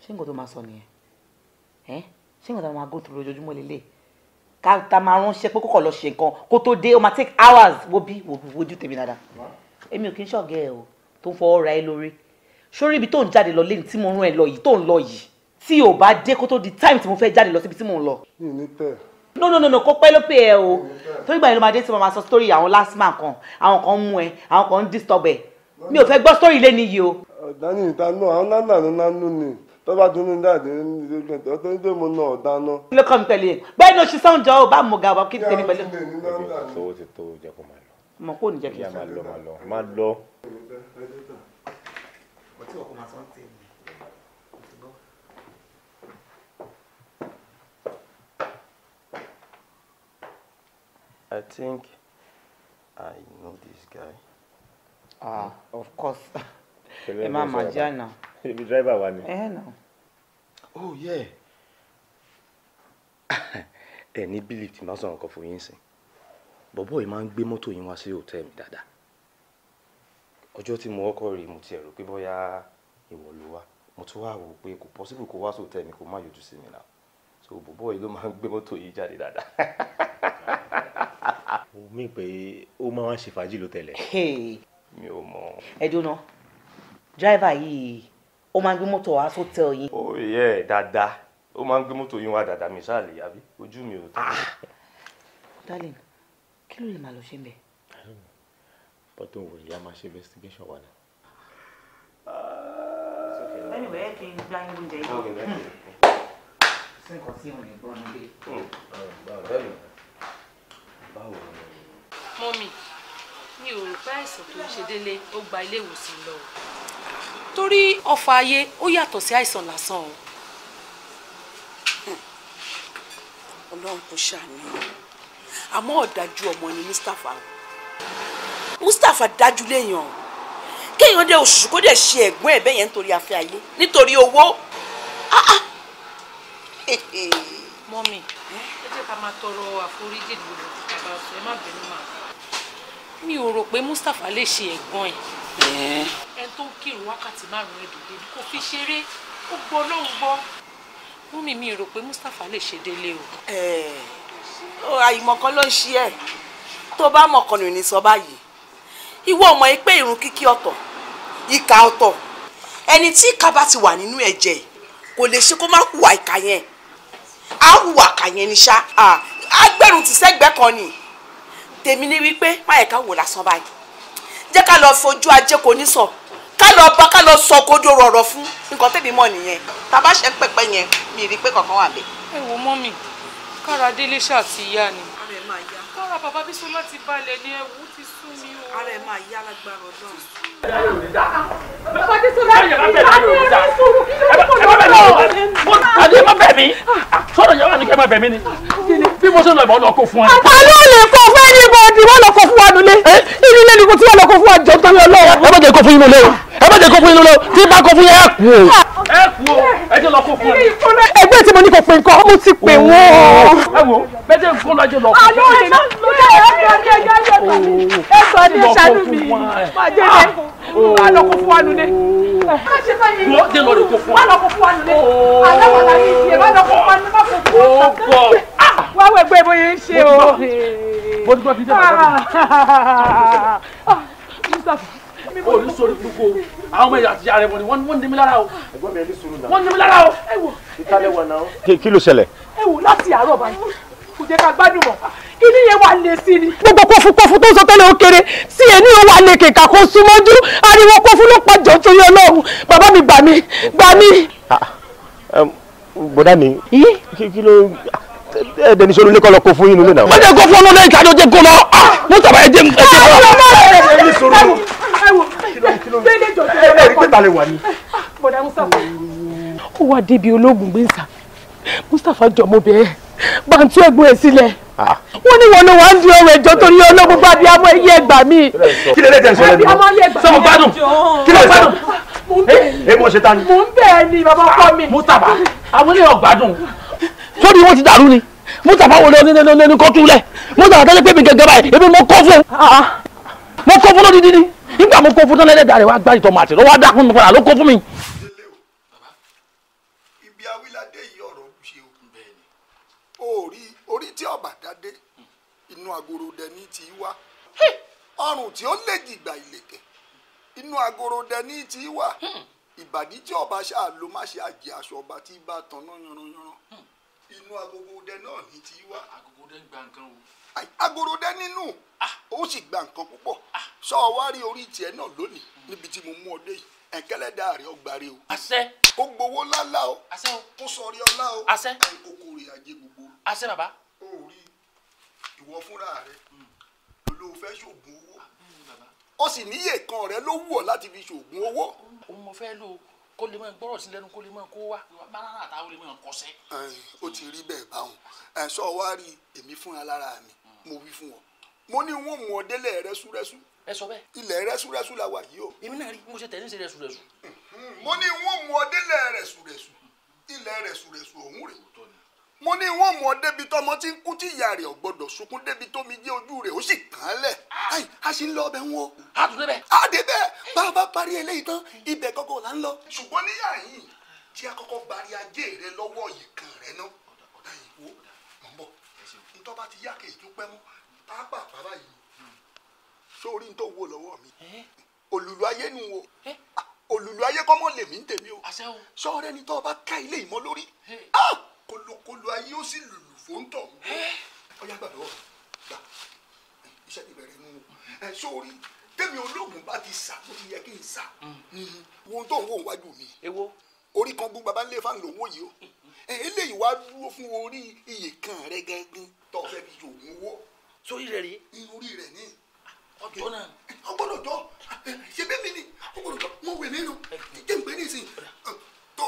ṣé nǹkan tó máa sọ nìyẹn ṣé nǹkan tá a máa go through lójoojúmọ́ lélẹ̀ ká tá a máa ránṣẹ́ pé kókò lọ ṣe nǹkan kó tó dé ó máa take hours wo bí wojú tèmi dáadáa èmi ò kí ń ṣọ̀gẹ́ ẹ̀ o tó ń fọwọ́ ra ẹ lórí sórí ibi tó ń jáde lọ lẹ́yìn tí mo rán ẹ lọ yìí tó ń lọ yìí tí ò bá dé kó tó di time tí mo fẹ́ jáde lọ síbi tí mò ń lọ. mi ò ní tẹ̀ no no no no kó pẹ́ ló pé ẹ o torí gbà yẹn ló máa dé tí mo máa sọ story àwọn last man kan àwọn kan mú ẹ àwọn kan ń disturb ẹ mi ò fẹ́ gbọ́ story lé níyì o. ọ̀dà ni ìta náà àwọn nánà ni nánú ni tó bá dunú dáàdé ní ilé tó ń dé mo náà dáná. ilé kan tẹ̀lé e. bẹ́ẹ̀ ni oṣù sọ́njọ́ ò bá mọ̀gà wà kí n tẹ̀lé pẹ̀lú. owó ti tó jẹ́ kó máa lọ. mọ kó ní jẹ́ kí n máa lọ máa lọ máa lọ. I think I know this guy. Ah, of course. Emma Majana èmi dírẹ́fà wa ni. ẹ nà. oh yeah ẹ ní bílíf tí máa sọ̀rọ̀ kan fún yín sìn bọ̀bọ̀ yìí máa ń gbé mọ́tò yín wá sí hòtẹ́ẹ̀lì mi dáadáa ọjọ́ tí mo kọ́kọ́ rí mo ti ẹ̀rù pé bóyá ìwọ ló wá mo tún wá wò pé kò pọ́sibù kó wá sí hòtẹ́ẹ̀lì mi kó má yọjú sí mi náà so bọ̀bọ̀ yìí ló máa ń gbé mọ́tò yìí jáde dáadáa. mo mí pé ó máa ń ṣe fàájì ló tẹ̀lé. mi ò mọ̀. ẹ dúró náà dírẹ́fà yìí ó máa ń gbé mọ́tò wá sótẹ́ẹ̀l yìí. ó oh, yẹ dáadáa ó máa ń gbé mọ́tò yín wá dáadáa mi ṣáà lè yàbí ojú mi ò tán. Ah! darling kí ló lè máa lọ ṣe ń bẹ. bọ́tò òwò ìyá máa ṣe investigation wa náà. Ah! anyway ẹ kì í gbá yín oúnjẹ yìí. sí nǹkan tí òun ìbọn nílé. Hmm. Oh, báwo ni. mọ́mì mi ò rò pé àìsàn tó ń ṣe délé ó gba ilé ìwòsàn lọ torí ọfà ayé ó yàtọ̀ sí àìsàn lásán o. ọlọ́run kò ṣàánú àmọ́ ọ̀dájú ọmọ ni Mustapha Mustapha dájú léèyàn kéèyàn dé oṣù kó dẹ̀ ṣe ẹ̀gbọ́n ẹ̀ bẹ́yẹn nítorí afẹ́ ayé nítorí owó. mọ́mì ẹ jẹ́ ká máa tọrọ àforíjì lórí bàbá ọ̀sẹ̀ ẹ má bínú mà. mi ò rò pé Mustapha lè ṣe ẹ̀gbọ́n ẹ̀ ẹni tó ń kírun wákàtí márùn-ún ẹ̀dùnlé kò fi ṣeré ó gbọ́ lóun gbọ́ mọ́mì mi rò pé Mustapha lè ṣe délé o. àìmọ̀kan ló ń ṣe ẹ̀ tó bá mọ̀kan nìyí sọ báyìí ìwọ ọmọ yìí pé irun kíkí ọ̀tọ̀ ìka ọ̀tọ̀ ẹni tí ìka bá ti wà nínú ẹ̀jẹ̀ kò lè ṣe kó má hùwà ìka yẹn á hùwà ìka yẹn ni ṣá agbẹ̀rùn ti sẹ́gbẹ̀ẹ́ kan ni tèmi ni wípé má yẹ ká wò lásán báyìí jẹ́ ká lọ fojú ajé kò ní sọ ká lọ bá ká lọ sọ kódó rọrọ fún nǹkan tèmi mọ̀ nìyẹn tàbá ṣe pẹpẹ yẹn mi rí pé kankan wà bẹ́ẹ̀. ẹ wo mọ́mì kára délé ṣàti yá ni kára bàbá bísọ́lá ti balẹ̀ ni ẹ̀wù ti sú mi o. ara ẹ máa yá lágbára ọdún. bàbá bísọ́lá ti balẹ̀ ni sùúrù kí ló ń bọ̀ lọ́wọ́. àdé bẹ̀ mí sọ̀rọ̀ yẹn wà ní kẹ́ má bẹ̀ mí ni bí mo ṣe lọ ìbọn lọ kó fún ẹ. àpàlù olè kó fún ẹni bọ́ọ̀dì wọ́n lọ kó fún wa nulẹ̀ inú ilé ni kò tí wọ́n lọ kó fún wa jọ tán lọ. ẹ má jẹ́ kó fún inú lé o ẹ má jẹ́ kó fún inú lé o tí bá kó fún yẹn ẹ kú o. ẹ kú o ẹ jẹ́ lọ kó fún ẹ. ẹgbẹ́ tí mo ní kò pé nǹkan mo ti pè wọ́n. ẹ wo bẹ́ẹ̀ kó lọ jẹ́ lọ kó fún ẹ. àlọ́ òde náà ló dé wá wẹ̀ pé bóyá ń ṣe o. mo ti gbọ́ fi jẹ́ bàbá mi. o ní sori kúkú o àwọn ọmọ ìyá àti ìyá rẹ wọ́n ní wọ́n ní mi lára o. ẹ̀gbọ́n mi ẹ ní sùúrù náà. wọ́n ní mi lára o. ẹ wò ìtàlẹ̀ wà náà. kí ló ṣẹlẹ̀. ẹ wò láti àárọ̀ báyìí kò jẹ́ ká gbádùn mọ́ kí ni yẹn wà lè sí ni. gbogbo kófúkófú tó ń sọ tẹ́lẹ̀ ó kéré sí ẹ̀ ní òun wà lè kèkà kó súnmọ́jú ariwo kófú ló pọ̀ jọ nítorí ọlọ́run bàbá mi gbà mí gbà mí. Ah, ah, bọ́dá mi kí ló ẹ̀ẹ́dẹ̀ ní sọ́nù lẹ́kọ̀ọ́ lọ kó fún yín nílé náà. wọ́n jẹ́ kó fún ọlọ́dẹ ìtajọ́ jẹ́ kó lọ mú tàbá ẹ jẹ́ ẹ jẹ́ kó lọ. ó wà débi ológun gbé nsà Mustapha jọmọ bẹ́ẹ̀ bàǹtú ẹ̀gbọ́n ẹ̀ sílẹ̀ wọ́n ní wọn ló wá ń di ọrọ̀ ẹ̀jọ́ torí ológun bá bí amọ̀ ẹ̀yẹ ẹ̀gbà mi. kí lè lè tẹ̀ sọ́yẹ́ mi sọ́mu gbádùn kí lè gbádùn èmi ò ṣe tán ni. mò ń bẹ́ẹ̀ ni bàbá ọkọ mi. Mustapha àwọn ilé ọgbádùn sórí wọn ti dàrú ni mustapha wọlé onílẹ̀lẹ́ni kọ́ túlẹ̀ mustapha tẹ́lẹ̀ pé mi gẹ́gẹ́ báyìí èmi mo kọ́ fún ẹ ah, ah. mo kọ́ fún lódìdí ni nígbà mo kọ́ fún tán lẹ́lẹ́dàá rẹ̀ wá gbá ìtọ́ màtì lọ́wọ́ dá fún mi padà ló kọ́ fún mi. ibi awilade yìí ọ̀rọ̀ ṣe okùn bẹ́ẹ̀ ni orí orí tí ọ̀bà dádé inú agoro dẹni ti wá ọrùn tí ó lè dìgbà ìlẹ̀kẹ̀ inú agoro dẹni ti wá hmm. ìbàdí tí ọba ṣáà ló má ṣe àjẹ aṣọ ọba tí bá tan náà yanranyan inú agogodẹ náà ní ti wá. agogodẹ gba nǹkan o. agogodẹ nínú ah. ó sì gba nǹkan púpọ̀ sọ ah. wá rí orí tiẹ̀ náà lónìí níbi tí mo mú ọ dé yìí ẹ̀kẹ́lẹ́ dá rẹ̀ ọgbà rẹ̀ o. àṣẹ. kó gbowó lálá o. àṣẹ o. kó sọrí ọlá o. àṣẹ. ẹ̀ kòkò rè ajé gbogbo. àṣẹ bàbá. o ò rí ìwọ fúnra rẹ hmm. lolo fẹ́ ṣoògùn owó. Hmm, ó sì níyè kan rẹ ló wù ọ láti fi ṣoògùn owó. òun mo fẹ́ lò ó kó lè máa gbọ́rọ̀ sí lẹ́nu kó lè máa kó wá banana àtàwọn lè máa kọsẹ́. ó ti rí bẹ́ẹ̀ báwọn ẹ̀sọ́ wa rí èmi fúnra lára mi mo wí fún ọ mo ní wọn mú délẹ̀ rẹ́súrẹ́sú. ẹ sọ bẹ́ẹ̀. ilẹ̀ rẹ́súrẹ́sú la wà yìí o. èmi náà rí mo ṣe tẹ̀lé ṣe rẹ́súrẹ́sú. mo ní wọn mú délẹ̀ rẹ́súrẹ́sú ilẹ̀ rẹ́súrẹ́sú òun rè é mo ní wọn mọ débi tọmọ tí ń kú tí ìyá rẹ̀ ò gbọ́dọ̀ sunkún débi tó mi jẹ ojú rẹ̀ ó sì kàn án lẹ. a sì ń lọ ọbẹ̀ ń wo. a tún débẹ̀. a débẹ̀ bá a bá parí eléyìí tán ibẹ̀ kọ́kọ́ là ń lọ. ṣùgbọ́n níyà yìí tí a kọ́kọ́ bari ajé rẹ lọ́wọ́ yìí kan rẹ náà ọ̀dàyìn wo mọ̀ ń bọ̀ ntọ́ bá ti yá kejì tó pẹ́ mú pápá bàbá yìí sórí ntọ́ wo lọ́wọ́ mi olùlù ayé nu wo ah, olùlù ayé kọ́mọ lèmi ń tèmi o sọ́ọ́rẹ́ ni tọ́ ọ bá ká ilé ìmọ̀ lórí kolokolo ayé ó sì lùlù fóńtọ̀ ọyá gbàdọ̀ gbà iṣẹ́ ti bẹ̀rẹ̀ nù ẹ sórí tẹ́mi olóògùn bá ti sà tó ti yẹ kí n sà wo mm. mm, tó ń wò wájú mi orí kan gbú baba ńlẹ̀ fáwọn òwò yìí o eléyìí wá dúró fún orí iye kan rẹ gẹ́gẹ́ tó fẹ́ fi yòówù wọ́. sórí rẹ rí. orí rẹ ní. ọjọ́ náà. ọgbọ́dọ̀ jọ ṣe bẹ́ẹ̀ mi ni ọgbọ́dọ̀ jọ mo wẹ̀ nínú jẹ́ n pé ní ìsìn tó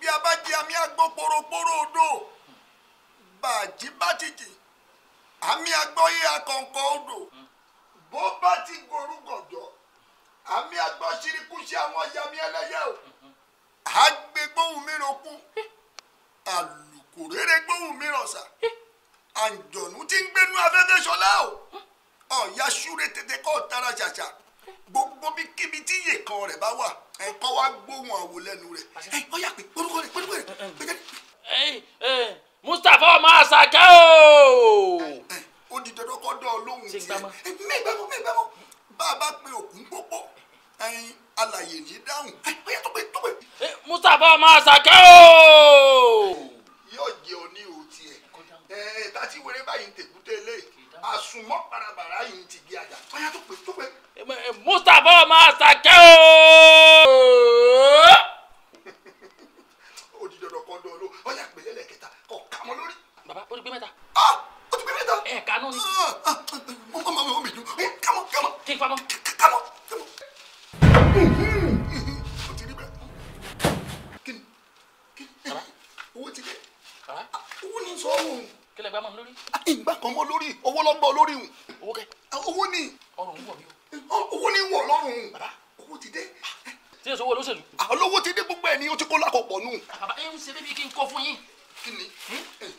bí a bá jí àmì àgbọ̀ poroporo odò bàjí bá ti jì àmì àgbọ̀ yé akọ̀ǹkọ̀ odò bó bá ti gorú gànjọ́ àmì àgbọ̀ ṣirikú sí àwọn yàmi ẹlẹ́yẹ o àgbégbóhùn mi ló kú àlùkò gbóhùn mi rọ̀ sà àǹjọ̀nù ti ń gbénú afẹ́fẹ́ sọlá o ọ̀ya súre tètè kọ́ tara ṣàṣà gbogbo bí kíbi tí iye kan rẹ̀ bá wà ẹ̀kọ́ wa gbóhùn àwò lẹ́nu rẹ̀ ó yà pé orúkọ rẹ̀ orúkọ rẹ̀ gbẹjẹ. Mustapha ọmọ àṣàkẹ́ o. ó di dandan kọ́ dán lóhùn tiẹ̀ mẹ́gbàmọ́ mẹ́gbàmọ́ bá a bá pe òkú gbogbo ẹyin ní dáhùn ó yà tó pé tó pé. Mustapha ọmọ àṣàkẹ́ o. yóò jẹ ọ ní òru ẹ tàti wèrè báyìí ń lé àsùnmọ́ parabara yìí ti gbé àjà ọ̀yà tó pé tó pé. Mustapha ọmọ àṣàkẹ́ o. ó di dandan kan dán ló ọ̀yà pèlè lẹ́kẹta kọ̀ ká lórí. bàbá ó ti gbé mẹ́ta. ó ti gbé mẹ́ta. ẹ kánú ni. ọmọ mi ò mi dùn kámọ́ kámọ́. kí n pamọ́. kámọ́ kámọ́. owó ti dé owó ni sọ òun. kílẹ̀ gbá lórí. ìgbà kan mọ́ lórí owó lọ́gbọ́ lórí òun. owó kẹ. owó ni. ọrùn ń wọ̀ mí o. owó ni ń wọ̀ lọ́rùn. bàbá owó ti dé. tí yẹn sọ owó olóṣèlú. ti dé gbogbo ẹ̀ ni o ti kó lákọ̀pọ̀ nù. bàbá ẹ ń ṣe bíbí kí n kọ fún yín kí ni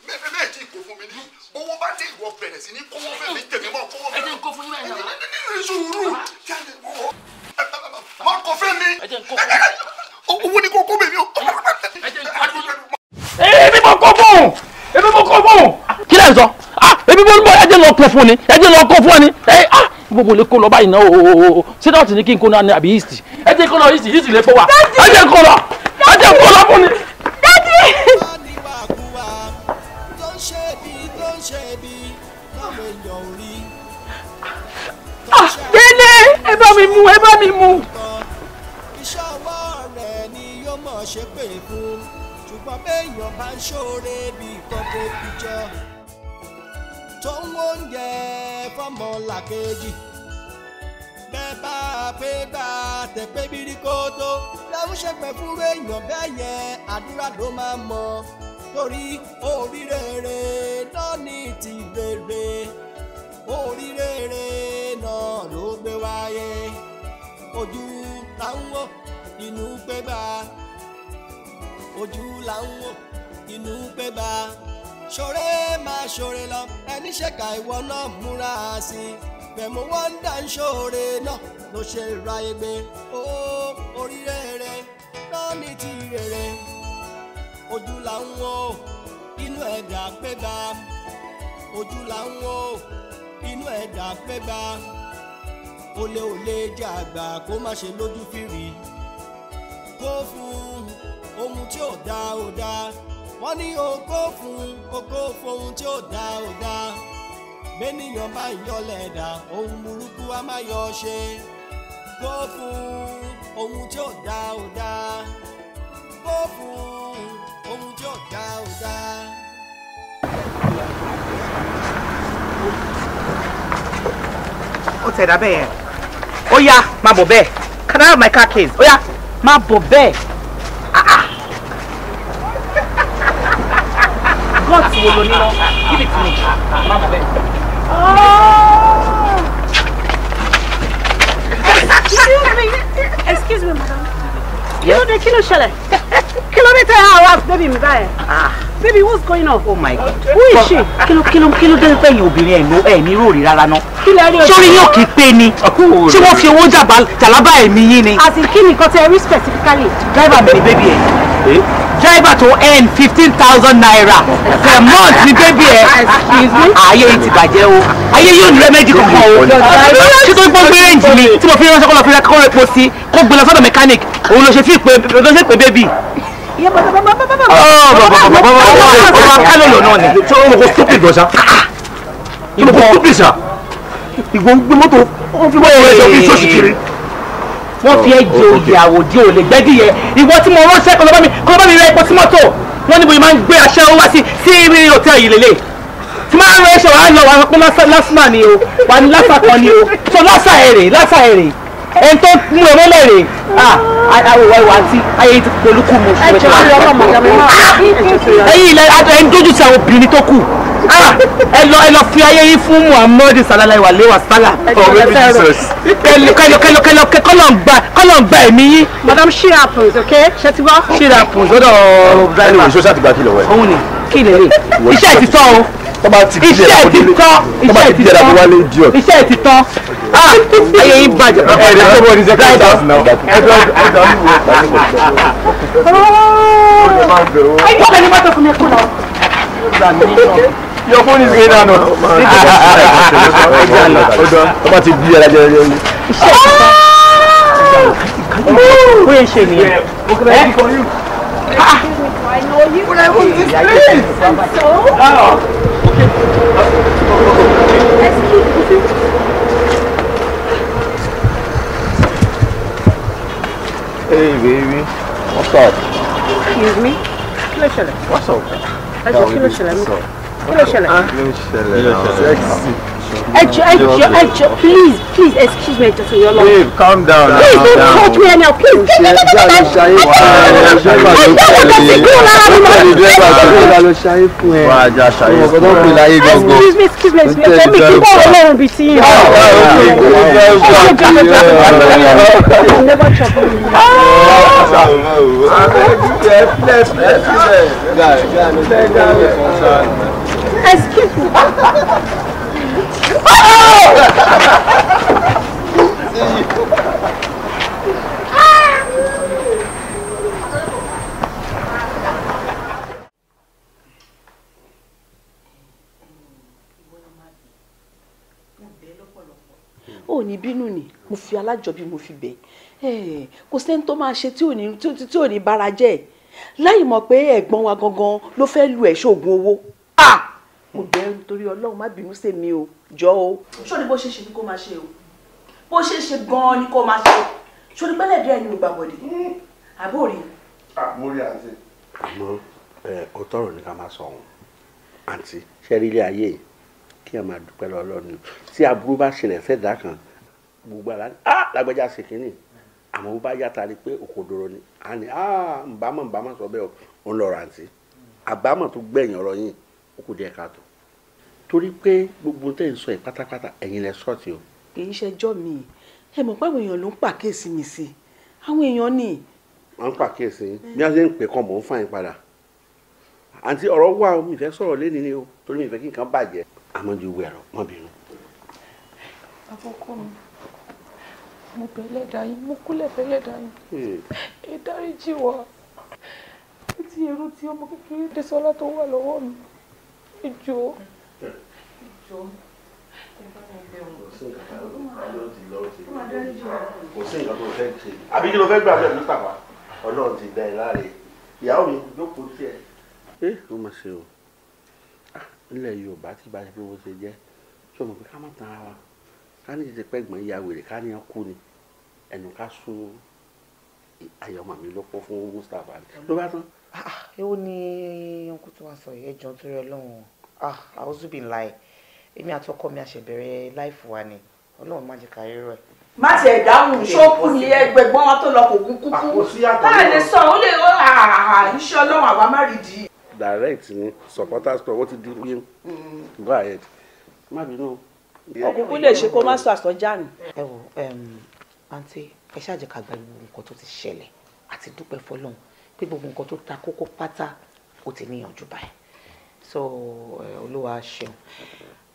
bẹ́ẹ̀ bẹ́ẹ̀ tí kò fún mi ní owó bá dé ìwọ bẹ̀rẹ̀ sí ní kówó bẹ́ẹ̀ mi tẹ̀mí mọ́ kówó bẹ́ẹ̀. ẹ jẹ́ n kó fún yín báyìí náà. ẹ sùúrù má kọ fẹ́ mi owó ni kò kó bèmí o. ẹ jẹ́ n kó fún yín. ẹ bí mo kó fún un èmi mo kọ́ fóun. kí lẹ́ sọ ah èmi mo ń bọ̀ ẹjẹ́ lọ kún fún ni ẹjẹ́ lọ kún fún ni ẹ ah gbogbo lè kó lọ báyìí náà o o dọ́ọ̀tì ni kí n kó náà ní àbí east ẹjẹ́ kó lọ east east lè fọ́ wa ẹjẹ́ kó lọ ẹjẹ́ kó lọ fún ni. Ah, délé ẹ bá mi mú ẹ bá mi mú. ń ṣoore bí corporate picture tó ń wóúnjẹ fọmọlàkejì bẹ́ẹ̀ baby a pé gbà tẹ̀pẹ́ bírí be tó lẹ́hún ṣẹpẹ́ fúnrú èèyàn bẹ́ẹ̀ yẹn àdúrà ló máa mọ̀ torí oríire náà ní ti rere oríire náà ló gbé wáyé ojú là ń wò inú pé bá ojú là ń wò inú pé bá ṣoré máa ṣoré lọ ẹni ṣèkà ìwọ náà múra sí i bẹ̀mú wọ́n ń dà ń ṣoore náà ló ṣe ra egbe ó oríire rẹ náà ní ti rere ojú là ń wò inú ẹ̀dá pé bá ojú là ń inú ẹ̀dá pé bá olè olè jẹ́ àgbà kó má ṣe lójú fìrí kó fún ohun tí ò dáa ò dáa wọ́n ní ògo fún ògo fóhun tí ó dá ó dá bẹ́nìyàn bá yọlẹ̀ dá ohun burúkú a máa yọ ṣe ògo fún ohun tí ó dá ó dá ògo fún ohun tí ó dá ó dá. ó tẹ̀ dábẹ́ yẹn ó yá máa bọ̀ bẹ́ẹ̀ can my car keys ó yá máa bọ̀ bẹ́ẹ̀. pọ́ọ̀tì me excuse me madam kí kilometer, dé kí ló ṣẹlẹ̀ ah. baby what's going on. oh my god who is she. kí ló kí ló kí ló dé fẹ̀yìn obìnrin ẹ̀ ló ẹ̀ ní ròrì rárá ná. kí lẹ rí ojú. sórí yóò kí pé ni ṣé wọ́n fi owó jàlábà ẹ̀mí yín ni. àti kí specifically. driver mi baby ẹ̀. Eh? driver to earn fifteen thousand naira per month ní bébí ẹ ayé yìí ti bàjẹ́ o ayé yóò ní rẹ́mẹ́dì kankan o ṣé tó gbọ́ gbé rẹ́ǹjì mi tí mo fi ránṣẹ́ kọ́ lọ fi rẹ́ kọ́ epo sí kó gbé lọ sọ́dọ̀ mechanic òun ló ṣe fi pé ló ṣe pé bébí. ọ̀ bàbá bàbá bàbá bàbá kálọ̀ lọ náà ni. ṣé o kò stupid lọ sa o kò stupid sa ìwọ gbé mọ́tò o fi mọ́tò rẹ̀ jọ bí sọ́ọ̀sì kiri wọ́n fi ẹ́ jẹ oyè àwòdì òòlè gbẹ́dìyẹ ìwọ tí mo ránṣẹ́ kọ́ lọ́bàmí kọ́ lọ́bàmí rẹ epo sí mọ́tò wọ́n ní bóyá máa ń gbé aṣẹ́ owó wá sí sí rí hòtẹ́ẹ̀lì yìí lélẹ̀ tí máa ń rẹ ẹṣẹ wàá lọ wàá pín lásìmà ni o wàá ní lásà kan ni o so lásà èrè lásà èrè ẹni tó mú ẹ mọ́lẹ̀ rè ah àwòwá ìwà àti ayé ti polúkú mu. ẹ̀yin ilẹ̀ ẹ̀ńdójú ti àwọn obìnrin tó kù ẹ lọ ẹ lọ fi ayé yín fún muhammed sallallahu alaihi wasallam. ọ̀rẹ́ mi jesus. kẹlọ kẹlọ kẹlọ kẹlọ kọlọmba kọlọmba ẹ̀mí yín. madam she happens okay ṣe ti wá. she happens lọ́dọ̀ driver. ẹni ìṣọ́ṣà ti gba kìlọ̀ wẹ̀. òun ni kí lè rí iṣẹ́ ti tán o. tọ́ba ti di ẹ̀dá kó délé tọ́ba ti di ẹ̀dá kó wálé di ọ̀. iṣẹ́ ti tán ayé yín bàjẹ́. ẹ̀rẹ́ tó bọ̀ ní second house now. ẹ̀dọ́ ẹ̀dọ́ your phone is going down. Ó bá ti bí ara jẹrẹ jẹrẹ. Ó yẹ ṣe nìyẹn. I know I want this place. Oh. Hey, baby. What's up? Excuse me. What's up? Ẹ jẹ́ kí ló kí ló ṣẹlẹ̀. kí ló ṣẹlẹ̀ ẹjọ ẹjọ please please excuse me ẹjọ sọ calm down please don't touch me anyhow please. Excuse me. ó ní ni mo fi alájọbí mo fi bẹ̀ kò sẹ́ni tó máa ṣe tí ò ní bára jẹ́ láì mọ̀ pé ẹ̀gbọ́n wa gangan ló fẹ́ lu ẹ̀ ṣoògùn owó. Ah! mo bẹ̀rù torí ọlọ́run má bínú sí mi o jọ o. sórí bó ṣe ṣe ni kó máa ṣe o bó ṣe ṣe gan-an ni kó máa ṣe sórí pẹ́lẹ́ díẹ̀ ni ògbà bọ̀dé àbó rí. mo rí àǹtí. àmọ́ ó tọrọ ní ká máa sọ ọ̀hún àǹtí ṣẹ́rí ilé ayé yìí kí ẹ máa dúpẹ́ lọ lọ́nu tí aburú bá ṣẹlẹ̀ fẹ́ dà kan gbogbo àlá á lágbájá ṣe kínní àmọ́ bó bá yàtà rí pé òkòdòrò ni a ní á nbámọ̀ nbámọ̀ sọ bẹ́ẹ̀ o ń lọ rántí àbámọ̀ tó gbẹ̀yìn ọ̀rọ̀ yìí ó kù díẹ̀ káàtó torí pé gbogbo tẹ́ ń sọ ẹ̀ pátápátá ẹ̀yin lẹ sọ́ọ̀tì o. kì í ṣẹjọ́ mi ẹ mọ̀ pé àwọn èèyàn ló ń pàkíyèsí mi sí àwọn èèyàn ni. wọ́n ń pàkíyèsí bí wọ́n ṣe ń pè kan mò ń fà yín padà àǹtí ọ̀rọ̀ wà mi fẹ́ sọ̀rọ̀ lẹ́ni ni o torí mi fẹ́ kí nǹkan bàjẹ́ àmọ́ ju wẹ̀rọ mọ́ bínú. àkókò mi mo bẹ̀ lẹ́dàá yín mo kúlẹ̀ bẹ̀ lẹ́dàá yín hmm. ẹ dáríjì wá ó ti ẹrú tí ọmọ kékeré Désọlá tó wà lọ́wọ́ mi ẹ jọ̀ọ́ kò sí nǹkan tó fẹ́ ṣe àbí kí ló fẹ́ gbà bẹ́ẹ̀ mú tàpá ọlọ́run ti dá ẹ láre ìyàwó mi jókòó tiẹ̀. ẹ ó mà ṣe o nílẹ̀ ah, yorùbá tí bá ṣe pé wọ́n ṣe jẹ́ tí ọmọ pé ká má tan ara wa ká ní tètè pẹ́ gbọ́n ya wèrè ká ní ọkú ni ẹnu ká sún àyọ̀mọ̀ mi lọ́pọ̀ fún Mustapha ló bá tán. ẹ ah, ah, wo ni ohun tó wàá sọ yìí jọ torí ọlọ́run o ah àwùjọbí ńlá ẹ̀ èmi àtọkọ mi àṣẹbẹ̀rẹ̀ láìfù wa ni ọlọ́run má jẹ́ ká rírọ̀ ẹ̀. má ti ẹ̀ dáhùn ṣókù ni ẹgbẹ̀gbọ́n wa tó lọ kò gún kúkú láì ah, lè sọ ó lè ó iṣẹ́ ọlọ́run àwa má di. direct ni supporters club wọ́n ti di wíwú mm. go ahead má bínú. ọkùnkùn lè ṣe kó má sọ àsọjá ni. ẹ wo àǹtí ẹ ṣáà jẹ́ ká gba gbogbo nǹkan tó ti ṣẹlẹ̀ àti dúpẹ́ fọlọ́run pé gbogbo nǹkan tó ta kókó pátá ó ti níyànjú báyìí so eh, olúwa ṣeun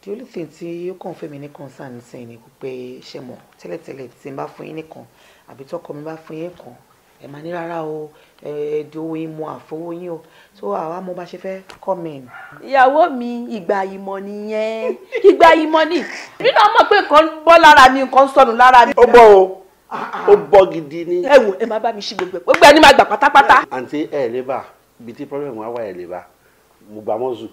the only thing tí ó kàn fẹ́ mi ní concern sẹ́yìn ni pé ṣe mọ̀ tẹ́lẹ̀tẹ́lẹ̀ tí n bá fún yín nìkan àbí tọkọ mi bá fún yín kan ẹ máa ní rárá o ẹdùn owó yín mu àfọwọ́ yín o so àwa mo bá ṣe fẹ́ comment. ìyàwó mi ìgbà ìmọ̀ nìyẹn ìgbà ìmọ̀ ni nínú ọmọ pé nǹkan bọ́ lára mi nǹkan sọnù lára mi. ó bọ́ o ah, ah, ah. ó bọ́ gidi ni. ẹ wo ẹ máa bá mi ṣí gbogbo ẹ gbogbo ẹ ní máa gbà pátápátá. àǹtí ẹ̀ lè bá ibi tí problem wá wà ẹ̀ lè bá mo gba mọ́sù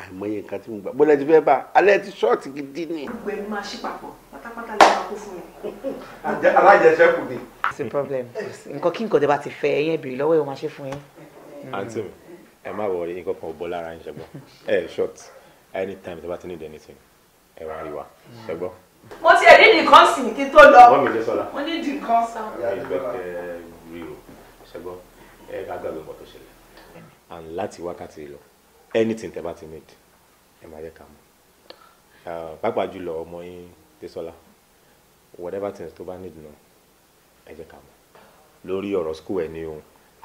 àìmọye nǹkan tí mo gbà bọ́lá ti fẹ́ bá alẹ́ ti ṣọ́ọ̀tì gidi ni. gbogbo ẹni máa ṣí papọ̀ pátápátá lè máa kó fún mi. alájẹsẹ́kù ni. it's a problem nǹkan kí nǹkan tẹ́ bá ti fẹ́ ẹyẹ bèrè lọ́wọ́ ẹ̀ wọ́n máa ṣe fún yín. àǹtí mi ẹ má wọrí nǹkan kan ò bọ́ lára yín ṣẹgbọ́n ẹ short anytime tẹ́ bá ti need anything ẹ wá rí wa ṣẹgbọ́n. mo ti ẹ̀rí nìkan sìn kí tó lọ mo ní nìkan sá. ṣẹgbọ́n ẹ ká gbàgbé nǹkan tó ṣẹlẹ̀ and láti wákàtí lọ anything tẹ́ bá ti need ẹ máa yẹ ká mọ̀ pàápàá jùlọ ọmọ yín Tẹ́sọ́lá whatever things tó bá need náà ẹ jẹ́ ká mọ̀ lórí ọ̀rọ̀ school ẹ̀ ní o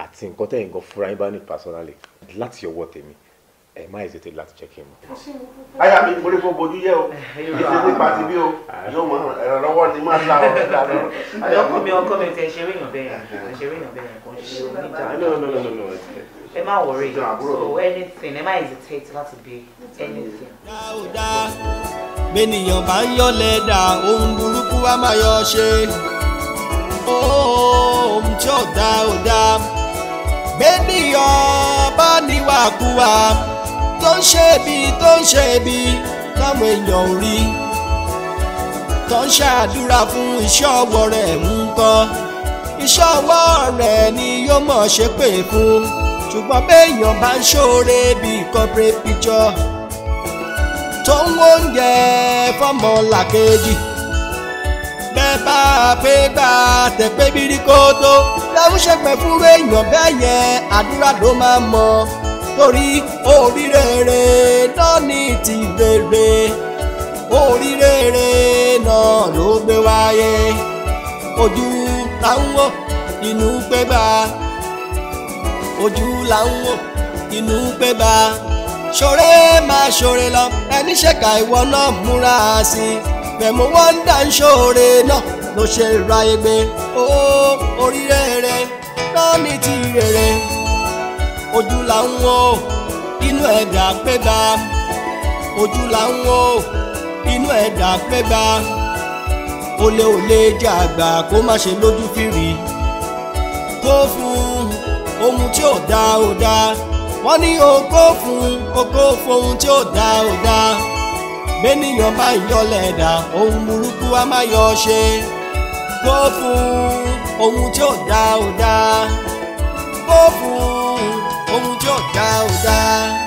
àti nǹkan tẹ̀yìn gan fúnra yín bá need personally láti ọwọ́ tèmi ẹ má yẹ tètè láti jẹ́ kí n mọ̀. àyà mi mo ní kó bojú yẹ o ètò nípa ti bí o yóò mọ ìrànlọ́wọ́ ni máa ta ọ níta lọ. ọkọ mi ọkọ mi tẹ ṣeré èèyàn bẹ́ẹ̀ ṣeré èèyàn bẹ́ẹ̀ kò ń ṣe oníjà ẹ má worry so anything ẹ má hesitate láti be anything. gbẹ̀nìyàn bá ń yọ lẹ́dà ohun burúkú wa máa yọ ṣe ohun tí ò dá ò dá gbẹ̀nìyàn bá níwàkuwà tó ń ṣe bí tó ń ṣe bí táwọn èèyàn ò rí tó ń ṣàdúrà fún iṣẹ́ ọwọ́ rẹ̀ ń tọ́ iṣẹ́ ọwọ́ rẹ̀ ni yóò mọ̀ ṣe pé fún ṣùgbọ́n béèyàn bá ń ṣoore bí corporate picture tó ń wóúnjẹ fọ́mọ làkejì bẹ́ẹ̀ bá pé gbà tẹ̀pẹ́ bírí kótó lẹ́hún ṣẹpẹ́ fún èèyàn bẹ́ẹ̀ yẹn àdúrà ló máa mọ̀ torí oríire rẹ̀ náà ní ti rere oríire rẹ̀ náà ló gbé wáyé ojú là ń wò inú pé bá ojú là ń wò inú pé bá ṣoore máa ṣoore lọ ẹni ṣèkà ìwọ náà múra sí i bẹ̀mú wọ́n ń dà náà ló ṣe ra egbe ó oríire rẹ̀ náà ní ti rere ojú la ń wò inú ẹ̀dá pé bá ojú la ń wò inú ẹ̀dá pé bá olè olè jẹ àgbà kó má ṣe lójú fìrí kó fún ohun tí ò dá ò dá wọ́n ní okó fún okó fún ohun tí ò dá ò dá bẹ́nìyàn bá yọlẹ̀ ẹ̀dá ohun burúkú á má yọ ṣe kó fún ohun tí ò dá ò dá kó fún. Esmeralda